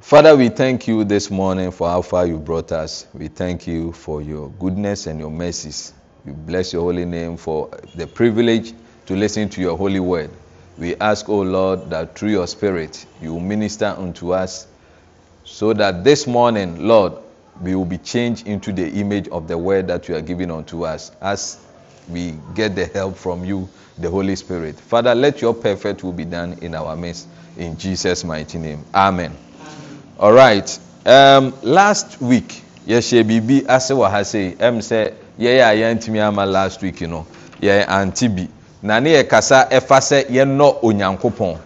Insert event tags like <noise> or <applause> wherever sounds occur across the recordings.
Father, we thank you this morning for how far you brought us. We thank you for your goodness and your mercies. We bless your holy name for the privilege to listen to your holy word. We ask, O Lord, that through your spirit you minister unto us so that this morning, Lord, we will be changed into the image of the word that you are giving unto us as we get the help from you, the Holy Spirit. Father, let your perfect will be done in our midst. In Jesus' mighty name. Amen. alright um, last week yɛhyɛ biribi ase wɔ ha sei ɛm sɛ yɛyɛ a um, yɛntumi ama last week no yɛ ante bi na ne yɛ kasa ɛfa sɛ yɛnɔ onyankopɔn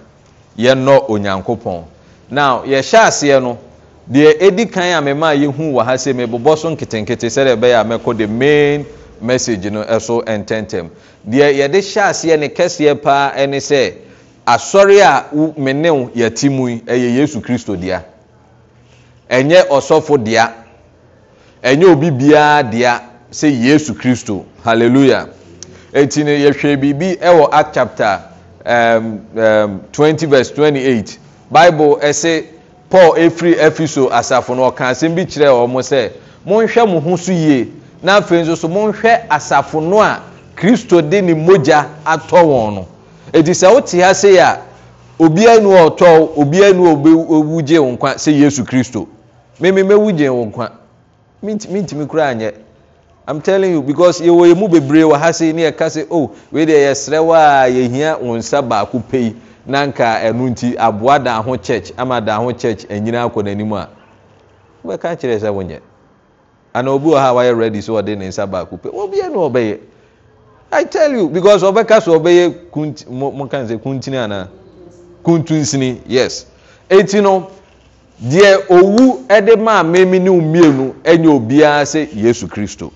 yɛnɔ onyankopɔn now yɛhyɛ aseɛ no deɛ ɛdi kan a mɛma a yɛhu wɔ ha sei mebobɔ so nketenkete sɛdeɛ ɛbɛyɛ a mɛkɔ the main message no ɛso ntɛntɛm deɛ yɛde hyɛ aseɛ ne kɛseɛ paa ɛne sɛ asɔre a me ne yɛte mu yi ɛyɛ yesu kristo dea ɛnyɛ ɔsɔfo dea ɛnyɛ obi biara dea sɛ yesu kristo hallelujah eti no yɛhwɛ biribi ɛwɔ act chapter um, um, twenty verse twenty-eight bible ɛsɛ paul efiri efiso asafo no ɔka asɛm bi kyerɛ wɔn sɛ monhwɛ mo ho so yie na afei nso so monhwɛ asafo no a kristo de ne mogya atɔ wɔn no eti sɛ wote ha se a obiara nu ɔtɔ obiara nu owu gye wɔn kwa sɛ yesu kristo. meme mɛwu gyen wo nkwa mentimi koraa nyɛ im telling you because yɛwɔ yɛ mu bebree wɔ ha sei ne yɛka sɛ o oh, wei deɛ yɛsrɛ wo a yɛhia wo nsa baako pɛyi na anka ɛno nti aboa daa ho church ama daa ho church anyina akọ n'anim a wobɛka kyerɛ sɛ wonyɛ anaa obi wɔ ha wayɛ ready sɛ ɔde ne nsa baako pɛ obiɛ ne ɔbɛyɛ i tell you because ɔbɛka so ɔbɛyɛ kunti mo kan sɛ kuntini anaa kuntu nsini yes eti no. deɛ owu de maa mmemme ne mmienu nyɛ obiara sɛ yesu kristo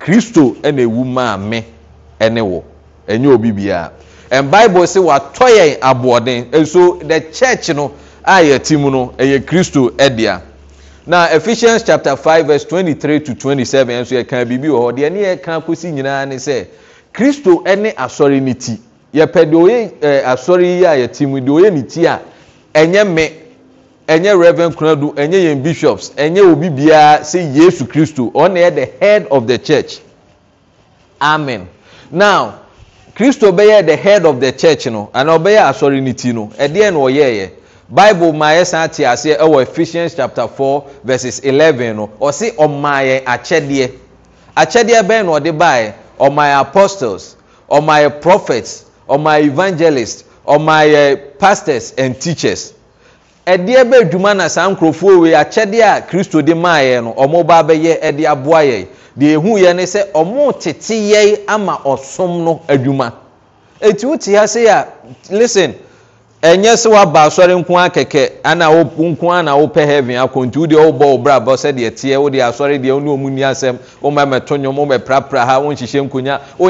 kristo na ewu maa me ne wɔ nyɛ obi biara and bible sɛ watɔ yɛn aboɔden nso the church no a yɛte mu no ɛyɛ kristo dea na ephesians chapter five verse twenty-three to twenty-seven nso yɛka biribi wɔ hɔ deɛ ne yɛka kɔsi nyinaa ne sɛ kristo ne asɔre ne ti yɛpɛ deɛ oyɛ ɛɛ asɔre yi a yɛte mu deɛ oyɛ ne ti a ɛnyɛ me ɛnyɛ reverend kunadu ɛnyɛ yɛn bishops ɛnyɛ obi biara sɛ yesu kristo ɔna yɛ the head of the church amen now kristo bɛyɛ the head of the church no ana ɔbɛyɛ asɔre ne ti no ɛdeɛ e na ɔyɛɛyɛ bible maa yɛ san te aseɛ ɛwɔ oh, ephesians chapter four verses eleven no ɔsi ɔmaa oh, yɛ akyɛdeɛ akyɛdeɛ bɛn na ɔde baa oh, yɛ ɔmaa apostles ɔmaa yɛ prophets ɔmaa yɛ evangelists ɔmaa yɛ eh, pastors and teachers. ɛdeɛ bɛ adwuma na saa nkurɔfoɔ wei akyɛdeɛ a kristo de maaeɛ no ɔmo ba bɛyɛ abụọ aboa yɛn deɛ ya yɛ ne sɛ ɔmo tete ama ɔsom no adwuma ha se a listen ɛnyɛ sɛ woaba asɔre nko a ana nko na wopɛ heaven akɔnti wode wobɔ wo brabɔ teɛ asɔre deɛ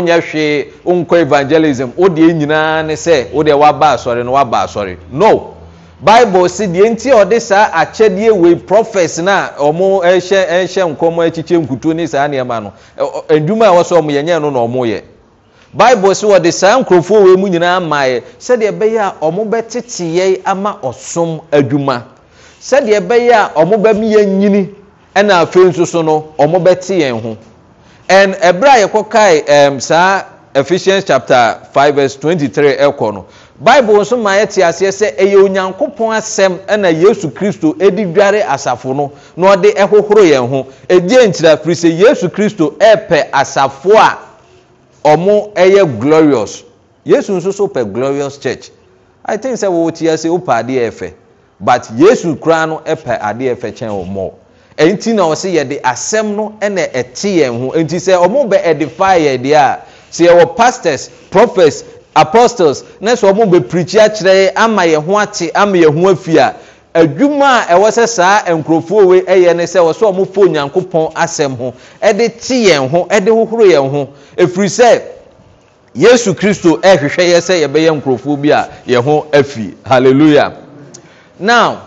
ni asɛm ha evangelism nyinaa ne sɛ w'aba asɔre no bible si deɛ nti a ɔde saa akyɛdeɛ wei prophets na ɔmo ɛhyɛ ɛhyɛ nkɔmɔ akyikyɛ nkutuo ne saa nneɛma no ndwuma a ɛwɔ ɔmo yɛ nyɛ no na ɔmo yɛ bible si wɔde saa nkurɔfoɔ wei mu nyinaa maayɛ sɛdeɛ ɛbɛyɛ a ama ɔsom adwuma sɛdeɛ ɛbɛyɛ a ɔmo nyini ɛna afei nso so no ɔmo bɛte yɛn ho and ɛbrɛ a saa ephesians chapter five verse twenty bible nso ma yɛte aseɛ sɛ ɛyɛ onyankopɔn asɛm ɛna yesu kristo ɛdi dware asafo no na ɔde ɛhohoro yɛn ho ɛgye nkyira firi sɛ yesu kristo ɛɛpɛ asafo a ɔmo ɛyɛ glorious yesu nso so pɛ glorious church i think sɛ wɔwɔ tia sɛ wopɛ adeɛ ɛfɛ but yesu koraa no ɛpɛ adeɛ ɛfɛ kyɛn wɔn mɔɔ ɛnti na ɔsɛ yɛde asɛm no ɛna ɛte yɛn ho ɛnti sɛ ɔmo bɛ ɛdifaa yɛn deɛ a pastors prophets apostles ne sɛ ɔmo bɛpirikyi akyerɛ ama yɛn ho ate ama yɛn ho afi a adwuma a ɛwɔ sɛ saa nkurɔfoɔ wei ɛyɛ ne sɛ wɔsɛ ɔmo fo nyankopɔn asɛm ho ɛde te yɛn ho ɛde hohoro yɛn ho efiri sɛ yesu kristo ɛhwehwɛ yɛ sɛ yɛbɛyɛ nkurɔfoɔ bi a yɛn ho afi hallelujah now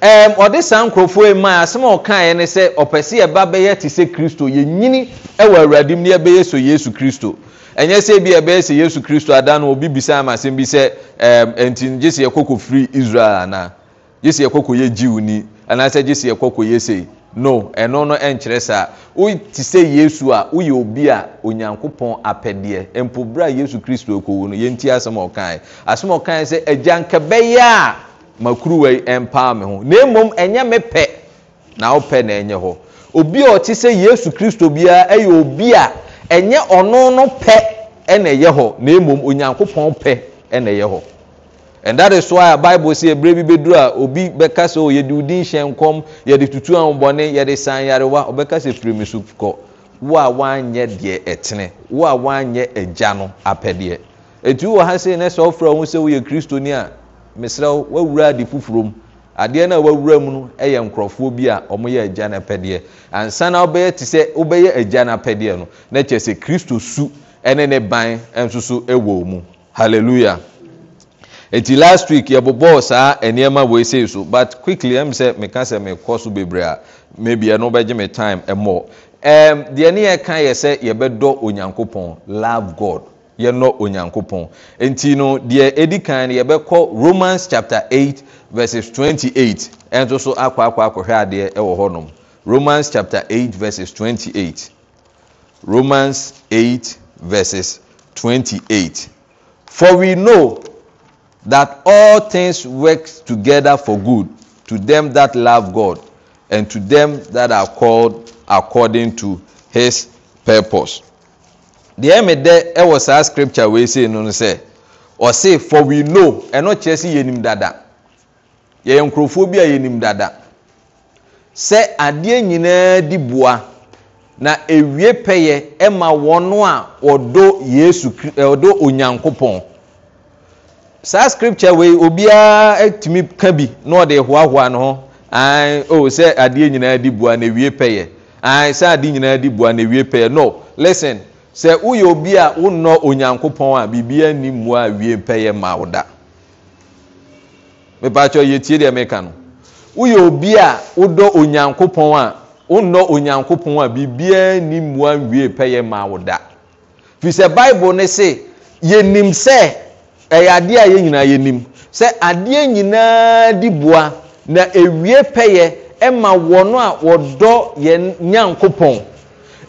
ɛɛm ɔde saa nkurɔfoɔ yi maa asɛm a ɔka yɛ ne sɛ ɔpɛ sɛ yɛba bɛyɛ te sɛ kristo yɛnyini ɛwɔ awurade ne yɛbɛyɛ so yesu kristo ɛnyɛ sɛ bi ɛbɛyɛ sɛ yesu kristo ada no obi bisa ama asɛm bi sɛ ɛɛm ɛnti gye sɛ firi israel ana gye sɛ yɛkɔkɔ yɛ gyiw ni anaasɛ gye sɛ yɛ sei no ɛno no ɛnkyerɛ saa wote sɛ yesu a woyɛ obi a onyankopɔn apɛdeɛ mpo berɛ a yesu kristo kɔwu no yɛnti asɛm ɔkae asɛm ɔkae sɛ agya nka bɛyɛ a makuruwa yi ɛmpaa me ho na mmom ɛnyɛ me pɛ na wopɛ na ɛnyɛ hɔ obi a ɔte sɛ yesu kristo biara ɛyɛ obi a ɛnyɛ ɔno no pɛ ɛna ɛyɛ hɔ na emom onyankopɔn pɛ ɛna ɛyɛ hɔ and that is why bible say ebire bi bedu a obi bɛka sɛ o oh, yɛde odi nhyɛ nkɔm yɛde tutu ahobɔne yɛde san yarewa ɔbɛka sɛ firi mi so kɔ wo a wanyɛ deɛ ɛtene wo a wanyɛ agya no apɛdeɛ etu wɔ ha se ne sɛ ɔfra ɔho sɛ woyɛ kristoni a mesrɛ wawura adi foforɔ mu adeɛ no a wawura mu no yɛ nkurɔfoɔ bi a ɔmoyɛ agya no apɛdeɛ ansa na te sɛ wobɛyɛ agya no apɛdeɛ no na kyerɛ sɛ kristo su ɛne ne ban nsoso wɔ mu halleluja ɛnti last week yɛbobɔɔ saa nnoɔma wei sei so but quickly m sɛ meka sɛ mekɔ so bebree a maybi ɛno wobɛgye me time mmɔ deɛ ne yɛka yɛ sɛ yɛbɛdɔ onyankopɔn love god yɛnɔ onyankopɔn ɛnti no deɛ ɛdi kan no yɛbɛkɔ romans chapter eight 8 vs 28 ɛnso so akɔ akɔ akɔhwɛ adeɛ wɔ hɔ nom romans chapter eight verses twenty-eight. romans eight verses 28. For we know that all things work together for good to them that love God and to them that are called according to his purpose. The mi dɛ ɛwɔ scripture we say no no or say, for we know ɛno kyerɛ sɛ yɛnim dada yɛyɛ nkurɔfoɔ dada sɛ adeɛ nyinaa di boa na ewie pɛyɛ ma wɔn a wɔdɔ yesu wɔdɔ onyankopɔn saa scripture wei obiara atumi ka bi na ɔde hoahoa ne ho an o sɛ adeɛ nyinaa di bua na ewie pɛyɛ an sɛ adeɛ nyinaa di bua na ewie pɛyɛ no listen sɛ woyɛ obi a wonɔ onyankopɔn a biribiara ni mu a wie pɛyɛ ma wo da mepatwɛ yɛtie deɛ meka no woyɛ obi a wodɔ onyankopɔn a. wonnɔ onyankopɔn a biribiara ni mmua nwie pɛyɛ maa wo da firi sɛ bible ne se yɛnim sɛ ɛyɛ e adeɛ a yɛn nyinaa yɛnim sɛ adeɛ nyinaa di boa na ewie pɛyɛ ɛma e wɔn a wɔdɔ yɛn nyankopɔn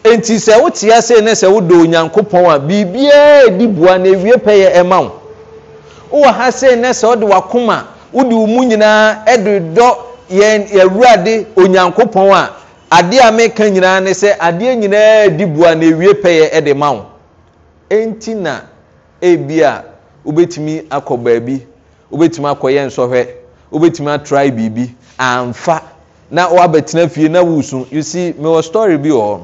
nti sɛ wote ase ne sɛ wodɔ onyankopɔn a biribiara di boa na ewie pɛyɛ ɛma e wo wowɔ ha se ne sɛ wode wakoma wode wo mu nyinaa ɛde dɔ yɛn yɛwurade onyankopɔn a adeɛ a meka nyinaa ne sɛ adeɛ nyinaa di bua na ewie pɛyɛ de ma wo enti na ebi a wobɛtumi akɔ baabi wobɛtumi akɔyɛ nsɔhwɛ wobɛtumi atrae biribi amfa na wabɛtena fie na wusu you see mewɔ story bi wɔ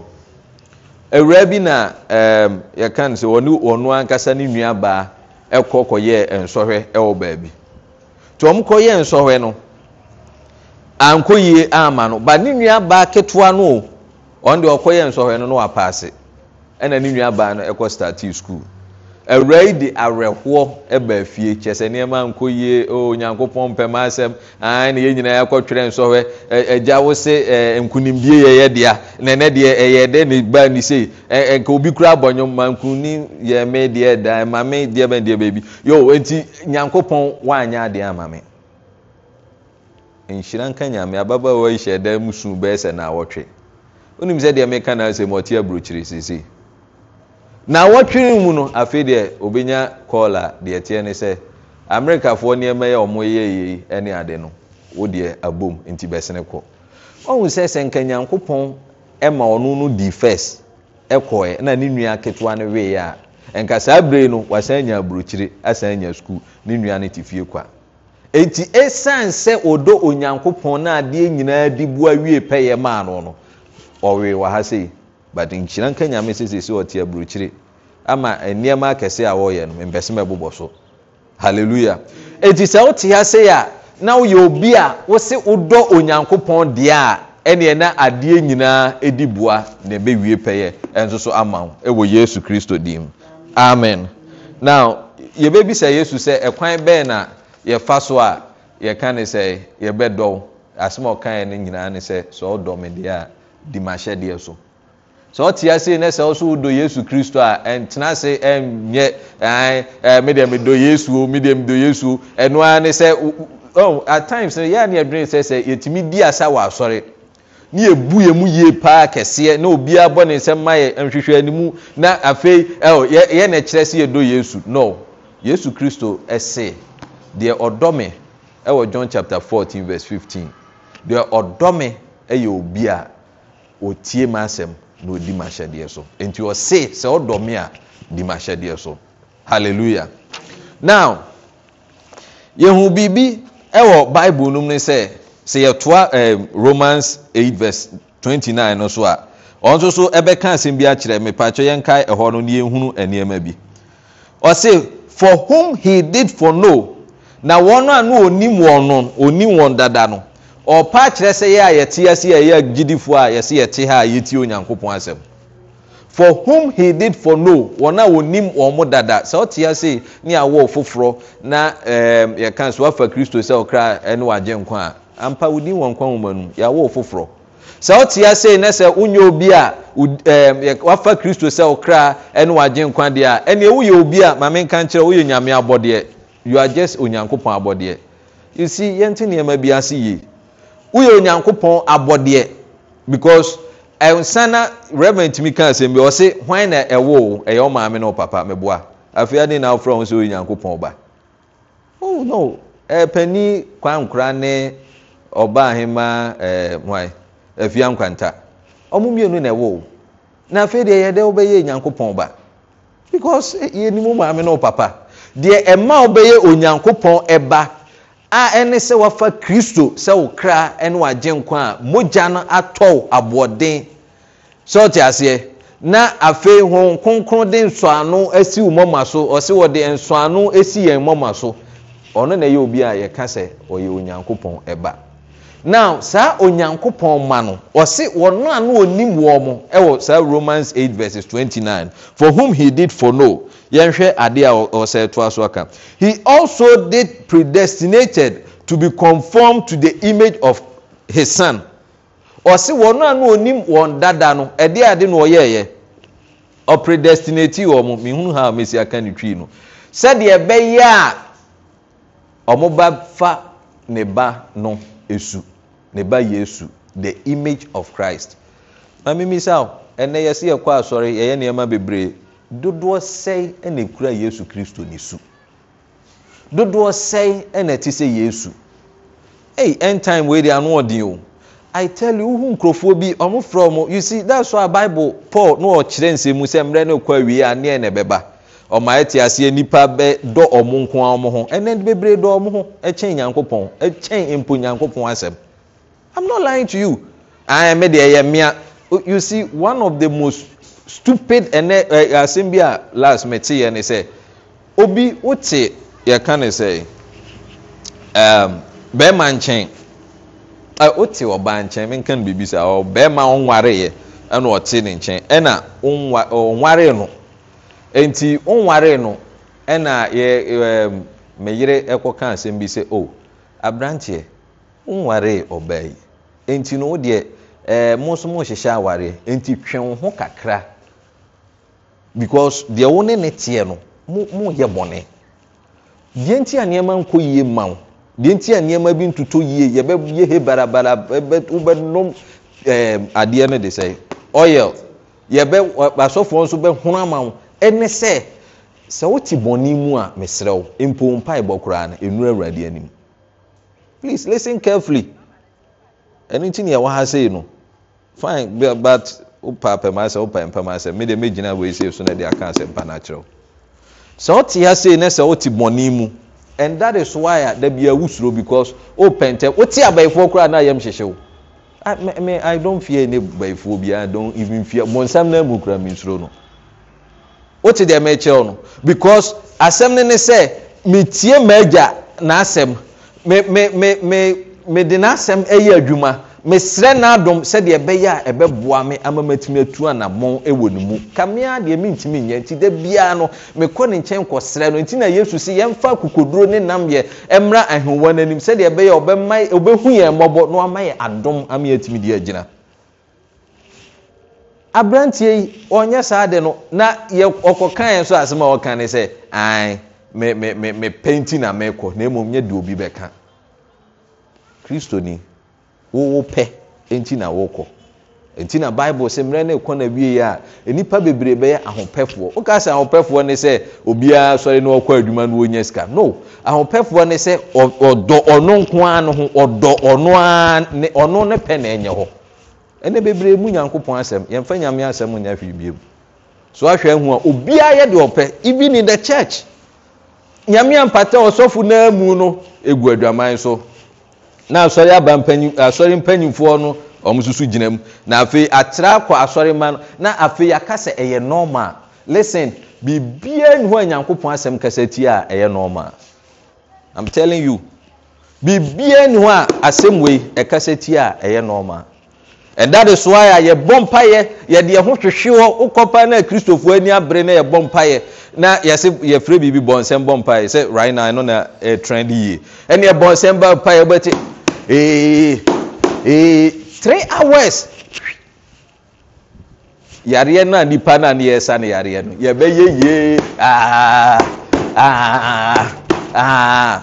awura bi na ɛɛm ehm, yɛka no sɛ wɔne wɔn ankasa ne nua baa ɛkɔ kɔyɛ nsɔhwɛ ɛwɔ baabi tɔm kɔyɛ nsɔhwɛ no. anko yie ama no ba ne nua baa ketewa no o ɔn deɛ ɔkɔyɛ nsɔhwɛ no no wapaase ɛna ne nua baa no ɛkɔ startee sukuul awura yi de awerɛhoɔ ɛbɛ fie kyɛ sɛ nnoɔma nkɔ yie onyankopɔn pɛm asɛm ne yɛ nyinaa ɛkɔtwerɛ nsɔhwɛ agya wo se nkonimdie yɛyɛ dea nɛnɛ deɛ ɛyɛ dɛ ne ba ne sei nka obi kora abɔnwom ma nkoni yɛ me deɛ da ma me deɛ bɛ deɛ baabi yo enti nyankopɔn woanyɛ adeɛ ama me nhyira nka nyame ababa a wayi hyɛ dan mu su bɛyɛ sɛ naawɔtwe wonim sɛ deɛ meka na sɛ aburokyire sisi naawɔtwe no mu no afei deɛ obɛnya kɔɔl deɛ teɛ ne sɛ amerikafoɔ nneɛma yɛ ɔmo yɛyei ne ade no wo deɛ abom nti bɛsene kɔ ɔhu sɛ sɛ nka nyankopɔn ma ɔno no di first kɔɛ na ne nua ketewa no weeɛ a ɛnka saa berei no wasan anya aburokyire asan anya sukuu ne nua no te fie kwa enti ɛsiane sɛ ɔdɔ onyankopɔn no adeɛ nyinaa de boa wie pɛyɛ maa no no ɔwee wɔ ha sei but nkyira nka nyame sɛsesi ɔte aburokyire ama nnoɔma akɛseɛ a wɔyɛ no mpɛ ma ɛbobɔ so halleluya ɛnti sɛ wote ha sei a na woyɛ obi a ɔsi se wodɔ onyankopɔn deɛ a ɛneɛ na adeɛ nyinaa bua di boa ne bɛwie pɛyɛ ɛnso so ama wo ɛwɔ yesu kristo dim amen no yɛbɛbisa yesu sɛ ɛkwan bɛɛ na yɛfa so a yɛka ne sɛ yɛbɛdɔw asɛm a ɔkaeɛ no nyinaa ne sɛ sɛ ɔdɔ me deɛ a di m'ahyɛdeɛ so sɛ ɔte ase ne sɛ ɔso wodɔ yesu kristo a ɛntena ase ɛnyɛ ɛn medeɛ do yesu o medeɛ medɔ yesu o ɛno ara ne sɛ oh at times yɛ a ne yɛdwene sɛ sɛ yɛtumi di asa wɔ asɔre ne yɛbu yɛ mu yie paa kɛseɛ na obiara bɔ ne nsɛm ma yɛ nhwehwɛ animu na afei ɛwɔ yɛ na ɛkyerɛ sɛ do yesu no yesu kristo ɛsee deɛ ɔdɔ me ɛwɔ john chapter fourteen verse fifteen. deɛ ɔdɔ me ɛyɛ obi a ɔtie m asɛm na ɔdi m ahyɛdeɛ so ɛnti ɔse sɛ ɔdɔ me a di m ahyɛdeɛ so halleluja now yɛhu biribi ɛwɔ bible nom no sɛ sɛ yɛtoa eh, romans 8 vs 29 no so a ɔn nso so ɛbɛka asɛm bi akyerɛ mepakyɛ yɛnkae ɛhɔ no na yɛhunu nnoɔma bi ɔse for whom he did for no na wɔn a no onim wɔn no onim wɔn dada no ɔpa kyerɛ sɛ yɛ a yɛte ase yɛ yɛ gyidifoɔ a yɛsi yɛte ha a yɛtie onyankopɔn asɛm for whom he did for no wɔn a onim wɔn mo dada sɛ ɔte ase ne awɔ foforɔ na ɛɛm ehm, yɛka so afa kristo sɛ ɔkra ɛne wagye nkwa a ampa odi wɔn nkwa nwoma no yɛawɔ foforɔ sɛ ɔte ase ne sɛ wonyɛ obi a ɛɛm ehm, wafa kristo sɛ ɔkra ɛne wagye nkwa deɛ a ɛnea woyɛ obi a maame nka nkyerɛ woyɛ nyame abɔdeɛ you are just onyankopɔn abɔdeɛ you see yɛnte nneɛma bi ase yie woyɛ onyankopɔn abɔdeɛ because ɛnsana reverend tumi ka asɛm bi ɔse hwan na ɛwɔ o ɛyɛ ɔmaame na ɔpapa mɛboa afei adi na afra wɔn sɛ onyankopɔn ba oh no ɛpɛni kwankora ne ɔbaa ahema ɛɛ hwan afia nkwanta ɔmo mmienu na ɛwɔ o na afei deɛ yɛ dɛ wɔbɛyɛ onyankopɔn ba because yɛ nimu maame na ɔpapa. deɛ ɛma wobɛyɛ onyankopɔn ɛba a ɛne sɛ w'afa kristo sɛ wo kra ne wagye nkwa a mogya no atɔw aboɔden sɛ aseɛ na afei hɔn kronkron de nsɔano asi wo mmɔma so ɔsi wɔde nsɔano si yɛn mmɔma so ɔno na ɛyɛ obi a yɛka sɛ ɔyɛ onyankopɔn ɛba now saa onyankopɔn ma no ɔse wɔno a no ɔnim wɔ mo ɛwɔ saa romans 8 twenty nine, for whom he did for no yɛnhwɛ adeɛ a ɔsɛ toa so aka he also did predestinated to be conformed to the image of his son ɔse wɔno a no ɔnim wɔn dada no ɛdeɛ ade na ɔyɛɛyɛ ɔpredestinati wɔ mo mehunu ha a mɛsi aka ne twii no sɛdeɛ ɛbɛyɛ a ɔmo ba fa ne ba no ɛsu ne ba yesu the image of christ na mimisa o ɛnɛ yɛsi yɛ kɔ asɔre yɛyɛ nneɛma bebree dodoɔ sɛn ɛna ekura yesu kristo ne su dodoɔ sɛn ɛna ti sɛ yesu hey end time wei de ano ɔden o i tell you wohu nkurɔfoɔ bi ɔmo frɛ ɔmo you see that's why bible paul no ɔkyerɛ nsɛm mu sɛ mmerɛ no kɔ awie aneɛ na ɛbɛba ɔmo ayɛ te aseɛ nipa bɛ dɔ ɔmo nko ara ɔmo ho ɛnɛ bebree dɔ ɔmo ho ɛkyɛn nyankopɔn ɛkyɛn mpo nyankopɔn asɛm I'm not lying to you. I made the uh, oh, You see, one of the most stupid and oh, a last mɛte yɛ ne obi wote yɛka ne sɛ bɛrima nkyɛn wote ɔbaa nkyɛn menka no biribi saa bɛrima ɔnwareyɛ ɛna ɔte ne nkyɛn ɛna ɔnwaree no nti ɔnwaree no ɛna yɛ meyere ɛkɔka asɛm o aberanteɛ ɔnwaree ɔbaa nti no deɛ ɛɛ eh, mo nso mo hyehyɛ awareɛ nti twɛn wo ho kakra because deɛ wo ne ne teɛ no mo mo yɛ bɔnɛ deɛ nti a nneɛma nkɔ yie ma wo deɛ nti a nneɛma bi ntutu yie yɛbɛ yɛ he barabara ɛbɛ wobɛ nom ɛɛ eh, adeɛ no de sɛ oil yɛbɛ asɔfoɔ nso bɛ hono ama wo ɛne sɛ sɛ wote bɔnɛ mu a mesrɛ wo mpo mpa ɛbɔ koraa no enura awurade anim please listen carefully ɛno nti neɛ ɛwɔ ha sei no fine but wopɛ apɛm asɛ wopɛ mpɛm asɛ mede mɛgyina wɔɛsei so no de aka asɛ mpa no akyerɛ wo sɛ wote ha sei ne sɛ wote bɔne mu and that is why uh, a da bia wusuro because wopɛ oh, ntɛm wote abayifoɔ koraa na ayɛm hyehye wo oh. I, me, I don't fear any bayifoɔ I don't even fear bɔnsam no amu kura mensuro no wote deɛ mɛkyerɛw oh, no because asɛm ne ne sɛ metie m'agya n'asɛm me me me me mede n'asɛm ɛyɛ adwuma mesrɛ n'adom sɛdeɛ ɛbɛyɛ a ɛbɛboa me ama matumi atu anammɔn wɔ ne mu kamea deɛ mentumi nyɛ nti da biara no mekɔ ne nkyɛn kɔsrɛ no nti na yesu sɛ yɛmfa akokoduro ne nam yɛ mmra ahenwa no anim sɛdeɛ ɛbɛyɛ ɔbɛma ɔbɛhu yɛn mmɔbɔ na wama yɛ adom ama yɛatumi deɛ agyina aberanteɛ yi ɔnyɛ saa de no na ɔkɔka yɛn so asɛm a ɔka ne sɛ ae mepɛ nti na mekɔ na mmom nyɛ deɛ obi bɛka kristoni wowo pɛ ɛnti na wokɔ ɛnti na bible sɛ mmerɛ ne ɛkɔ na wiei a nnipa bebree bɛyɛ ahopɛfoɔ woka sɛ ahopɛfoɔ ne sɛ obiara sɔre no ɔkɔ adwuma no wɔnya sika no ahopɛfoɔ ne sɛ ɔdɔ ɔno nko ara no ho ɔdɔ ɔno ɔno ne pɛ na ɛnyɛ hɔ ɛnɛ bebree mu nyankopɔn asɛm yɛmfa nyame asɛm nyɛ hwee biem so ahwɛ ho a obiara yɛ deɛ ɔpɛ even in the church nyame ampata ɔsɔfo naa mu no ɛgu adwaman so na asɔre aba asɔre mpanyimfoɔ no ɔmo susu gyina mu na afei akyerɛ akɔ asɔre ma no na afei aka sɛ ɛyɛ normal listen biribiara ni hɔ a nyankopɔn asɛm kasa ti a ɛyɛ normal i'm telling you biribiara ni hɔ a asɛm wei ɛkasa ti a ɛyɛ normal. ɛda de so ayɛ a yɛbɔ mpaeɛ yɛde yɛn ho hwehwe hɔ wokɔpa na kristofoɔ ani abere na yɛbɔ mpaeɛ na yɛsɛ yɛfrɛ biribi bɔnsɛm bɔ mpaeɛ sɛ right now ɛno na ɛtrend eh, yie ɛne yɛbɔ nsɛm bɔ mpaeɛ bɛte ee eh, eh, three hours yareɛ no a nipa no a ne yɛresa no yareɛ no yɛbɛyɛ yie aa ah, aa ah, ah,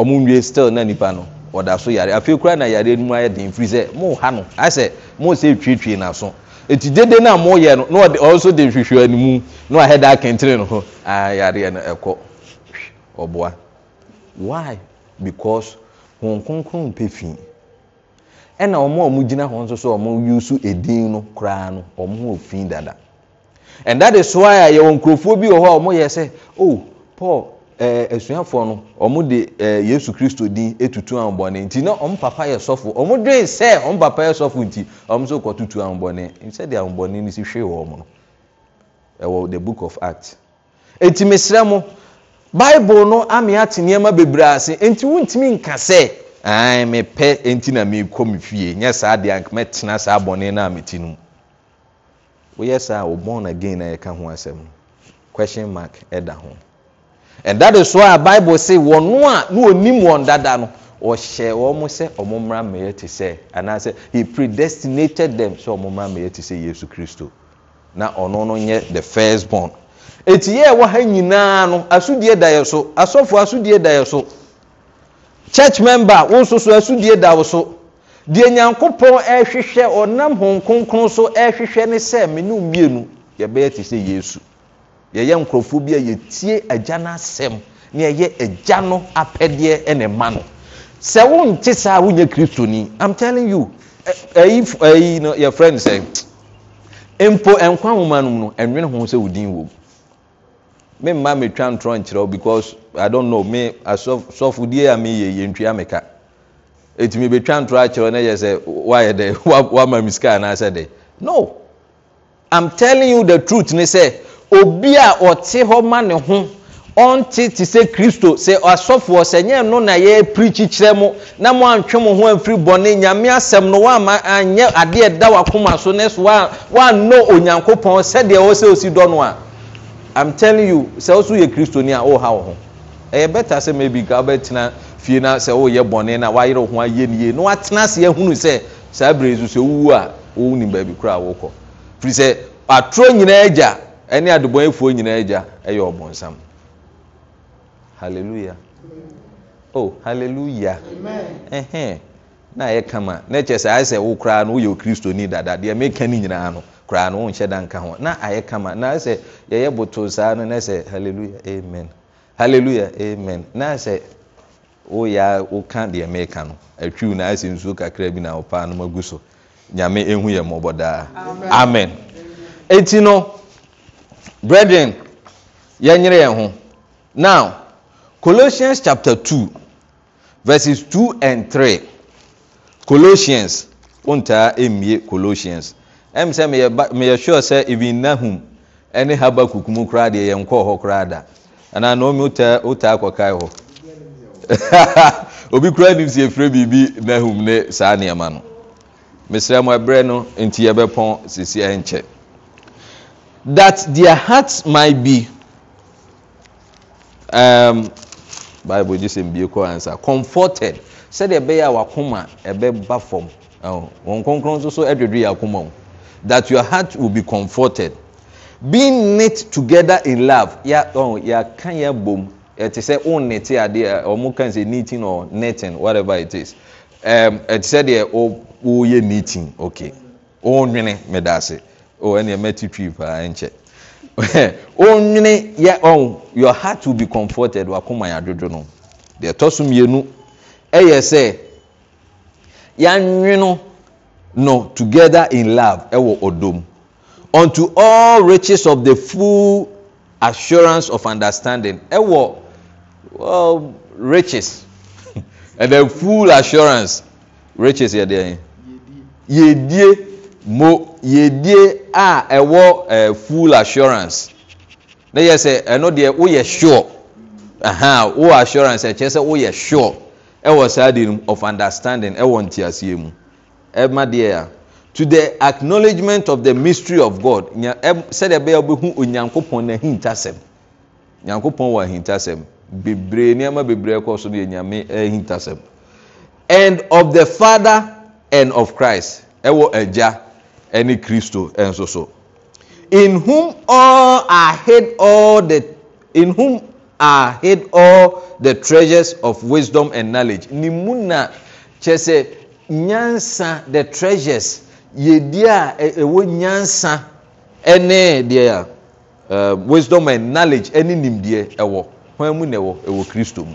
ɔmo nwie still na nipa no. ɔda so yare afei koraa na yare no mu ayɛ den firi sɛ ha no asɛ mosɛ twetwe noso ɛnti dede no a moyɛ no na ɔnso de nhwehwɛ animu na ahɛda akentene no ho yareɛ no ɛkɔ ɔboa wy because hoh kronkron mpɛ fii ɛna ɔmo a gyina hɔ nso so ɔmo so ɛdin no koraa no ɔmoho ɔfii dada ɛndade soae a yɛwɔ nkurɔfoɔ bi wɔ hɔ a ɔmoyɛ sɛ oh, paul asuafoɔ eh, eh, no ɔmo de eh, yesu kristo din tutu ahobɔne nti na ɔm papa yɛ sɔfo ɔmo dwee sɛ ɔm papa yɛ sɔfo nti ɔm nso kɔ kɔtotu ahobɔne sɛdeɛ ahobɔne no si hwee wɔ m no ɛwɔ the book of act ɛnti mesrɛ mo bible no ameɛ ate nneɛma bebree ase ɛnti wontumi nka sɛ mepɛ ɛnti na merekɔ me fie nyɛ saa deɛ mɛtena saa bɔne na a meti no mu woyɛ saa a wobɔn again na yɛ ka ho asɛm question mark ɛda ho and that is why bible say wɔno a na ɔnim wɔn dada no ɔhyɛ wɔ mo sɛ ɔmo mmra mmeɛ te sɛ anaasɛ he predestinated them sɛ ɔmo mmra mmeɛ te sɛ yesu kristo na ɔno no nyɛ the first born eti ɛwɔ ha nyinaa no asudie da yɛ so asɔfo asudie da yɛ so church member wɔn nso so asudie da wɔ so deɛ nyankopɔn ɛrehwehwɛ ɔnam hɔn kronkron so ɛrehwehwɛ ne sɛ menu mmienu yɛbɛyɛ te sɛ yesu. yɛyɛ nkurɔfoɔ bi a yɛtie agya no asɛm ne ɛyɛ agya no apɛdeɛ ne ma no sɛ wonkye saa wonyɛ kristoni im telling you ayi no yɛfrɛ no sɛ mpo nkwa nwoma nom no ɛnwene ho sɛ wo din wɔ me mma metwa ntorɔ nkyerɛ wo because i don't know me asɔfodie a meyɛ yɛntwia meka ɛtumi bɛtwa ntorɔ akyerɛ no yɛ sɛ woayɛ dɛ <laughs> woama me sika anaasɛ dɛ no i'm telling you the truth ne sɛ obi a ɔte hɔ ma ne ho ɔnte te sɛ kristo sɛ asɔfoɔ sɛ nyɛ no na yɛ pirikyi kyerɛ mu na mo antwe mo ho amfiri bɔne nyame asɛm no woama anyɛ adeɛ da wakoma so ne so woannɔ onyankopɔn sɛdeɛ wɔ osi dɔ no a i'm telling you sɛ wo so yɛ kristoni a woreha wo ho ɛyɛ bɛta sɛ fie sɛ bɔne na ɛne adebɔnɛfoɔ nyinaa gya ɛyɛ ɔbɔnsam halleluya halleluya na ɛyɛ oh, kama na ɛkyɛ sɛ ayɛ sɛ wo koraa no woyɛ okristoni dada deɛ meka no nyinaa no koraa no wonhyɛ da nka ho na ayɛ kama na sɛ yɛyɛ boto saa no na sɛ halleluya amen halleluya amen na sɛ woyɛ woka deɛ meka no atwiw na asɛ nsuo kakra bi na wopaa no magu so nyame ɛhu yɛ mmɔbɔ daa amen Eti no brethren yɛnyere yɛn ho now colossians chapter two verses two and three colossians wontaa emie colossians ɛm sɛ meyɛ ba meyɛ sure sɛ even nahum ɛne habakuk mu koraa deɛ yɛn kɔɔ hɔ koraa da anaa naomi wotaa wotaa kɔkae hɔ <laughs> obi koraa nim si efirɛ biribi nahum ne saa nneɛma no mesrɛ ɛbrɛ no nti yɛbɛpɔn sisi ɛnkyɛ that their hearts might be um, bible gye sɛ mbie kɔ ansa comforted sɛdeɛ ɛbɛyɛ a wakoma ɛbɛba fam wɔn oh, kronkron nso so ɛdwedwe yɛ akoma mu that your heart will be comforted being knit together in love ya ɔn oh, yaka ya bom ɛte sɛ o oh, nete adeɛ ɔmo kan sɛ knitting or netting whatever it is ɛm um, ɛte sɛ deɛ o o yɛ knitting okay o nwene mɛ daase oh ẹni ẹmẹ ti twi paa nkyɛ onwene yɛ ɔn oh, your heart will be comforted wakoma yadwodwo no deɛ ɛtɔ so mmienu ɛyɛ eh, sɛ yanwene no together in love ɛwɔ eh, ɔdom unto all riches of the full assurance of understanding ɛwɔ eh, well, riches <laughs> and then full assurance riches yɛ deɛ yɛ die mo yɛdie a ɛwɔ ɛɛ eh, full assurance ne yɛ sɛ ɛno deɛ woyɛ sure ɛhan wo assurance ɛkyɛ sɛ woyɛ sure ɛwɔ saa deɛ of understanding ɛwɔ ntiaseɛ mu ɛma deɛ a to the acknowledgement of the mystery of God nya ɛ sɛdeɛ bɛyɛ ɔbɛhu onyankopɔn na ahintasɛm nyankopɔn wɔ ahintasɛm bebree nneɛma bebree kɔ so deɛ nyame ahintasɛm and of the Father and of Christ ɛwɔ agya. E ne kristo nso eh, so in whom all are hid all the in whom are hid all the treasures of wisdom and knowledge Ni mu na kyerɛ sɛ nyansa the treasures yɛdi a ɛwɔ e, e, nyansa ne deɛ a eh, wisdom and knowledge e ne nimdeɛ ɛwɔ hwan mu na ɛwɔ ɛwɔ kristo mu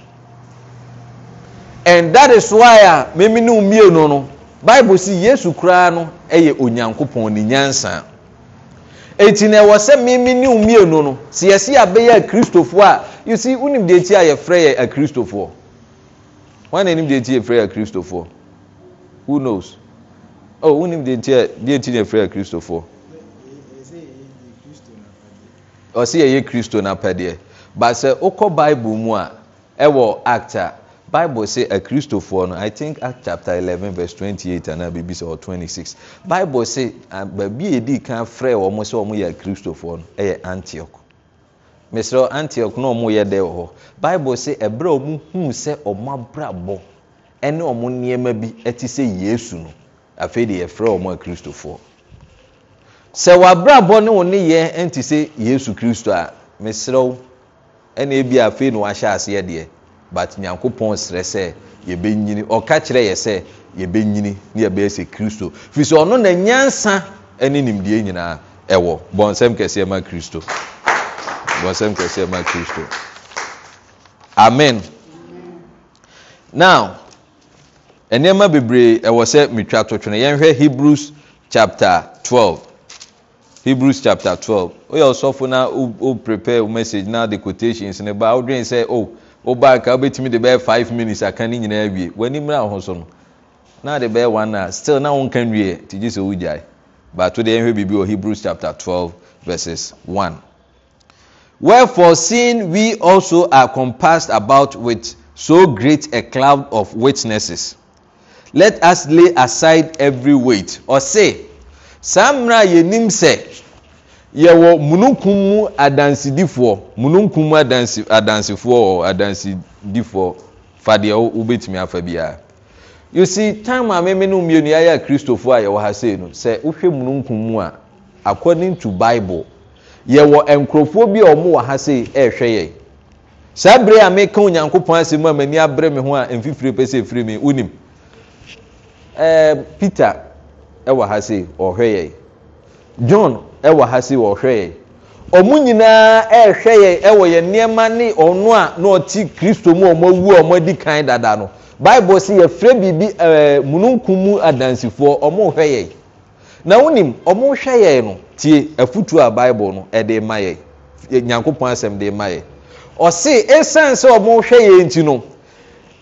and that is why a ah, mímí ne mu no bible si yesu koraa no yɛ onyankopɔn ne nyansa ɛnti no ɛwɔ sɛ meme ne mmienu no sɛ yɛse abɛyɛ akristofoɔ a us wonim deɛ ti a yɛfrɛ yɛ akristofoɔ wnnim deɛ ti yɛfrɛ yɛ akristofoɔ who knows oh wonim deɛ nti deɛ nti na efra kristofoɔ ɔsi yɛ yɛ kristo n'apɛdeɛ baasa okɔ bible mu a ɛwɔ acta bible sɛ akristofoɔ no i think act chapter eleven verse twenty-eight and anaa biribi say or twenty-six bible say baabi a yɛdi kan frɛ wɔn sɛ wɔn yɛ akristofoɔ no ɛyɛ antioch mesrɛ antioch na wɔn yɛ dɛ wɔ hɔ bible say ɛbrɛ wɔn huu sɛ wɔn abrabɔ ɛne wɔn nneɛma bi ɛte sɛ yesu no afei de yɛfrɛ wɔn akristofoɔ sɛ wabrabɔ ne wɔn ne yɛ ɛnte sɛ yesu Christo a mesrɛ ɛna ebi afei na wahyɛ aseɛ deɛ but nyankopɔn serɛ sɛ yɛbɛnyini ɔka kyerɛ yɛ sɛ yɛbɛnyini ne yɛbɛyɛ sɛ kristo firi sɛ ɔno na nyansa ne nimdeɛ nyinaa ɛwɔ bɔnsɛm kɛseɛ ma kristo bɔnsɛm kɛseɛ ma kristo amen now nnoɔma bebree ɛwɔ sɛ metwa totwene yɛnhwɛ hebrews chapter 12 Hebrews chapter 12 woyɛ ɔsɔfo na wo prepare wo message na the quotations ne ba wodwene sɛ oh wobaaka wobɛtumi de bɛyɛ five minutes aka ne nyinaa wie w'animra a ho no na de bɛyɛ one. hour still na wonka wie nti gye sɛ wogyae baato deɛ yɛhwɛ biribi wɔ hebrews chapter twelve verses one. wherefore seeing we also are compassed about with so great a cloud of witnesses let us lay aside every weight ɔse saa mmerɛ a yɛnim yɛwɔ mununkum mu adansedifoɔ mununkum mu adansi adansifoɔ or adansedifoɔ fa deɛ wobɛtumi afa biara you see time a mɛmɛ no mmienu ayɛ a kristofoɔ a yɛwɔ ha sei no sɛ wohwɛ mununkum mu a according to bible yɛwɔ nkurɔfoɔ bi a wɔn wɔ ha sei ɛrehwɛ yɛ saa bere a mɛka onyankopɔn asɛm a mɛni abrɛ mi ho a mfifiri pɛ sɛ efiri mi wonim ɛɛ peter ɛwɔ ha sei ɔrehwɛ yɛ john. ɛwɔ ha si wɔhwɛ yɛ ɔmo nyinaa ɛrehwɛ yɛ ɛwɔ yɛ nneɛma ne ɔno a na ɔte kristo mu ɔmo awu a ɔmo adi kan dada no bible si yɛfrɛ biribi ɛɛ mununkum mu adansifoɔ ɔmo hwɛ yɛ na wonim ɔmo hwɛ yɛ no tie afutuo a bible no ɛde ma yɛ nyankopɔn asɛm de ma yɛ ɔsi esan sɛ ɔmo hwɛ yɛ nti no.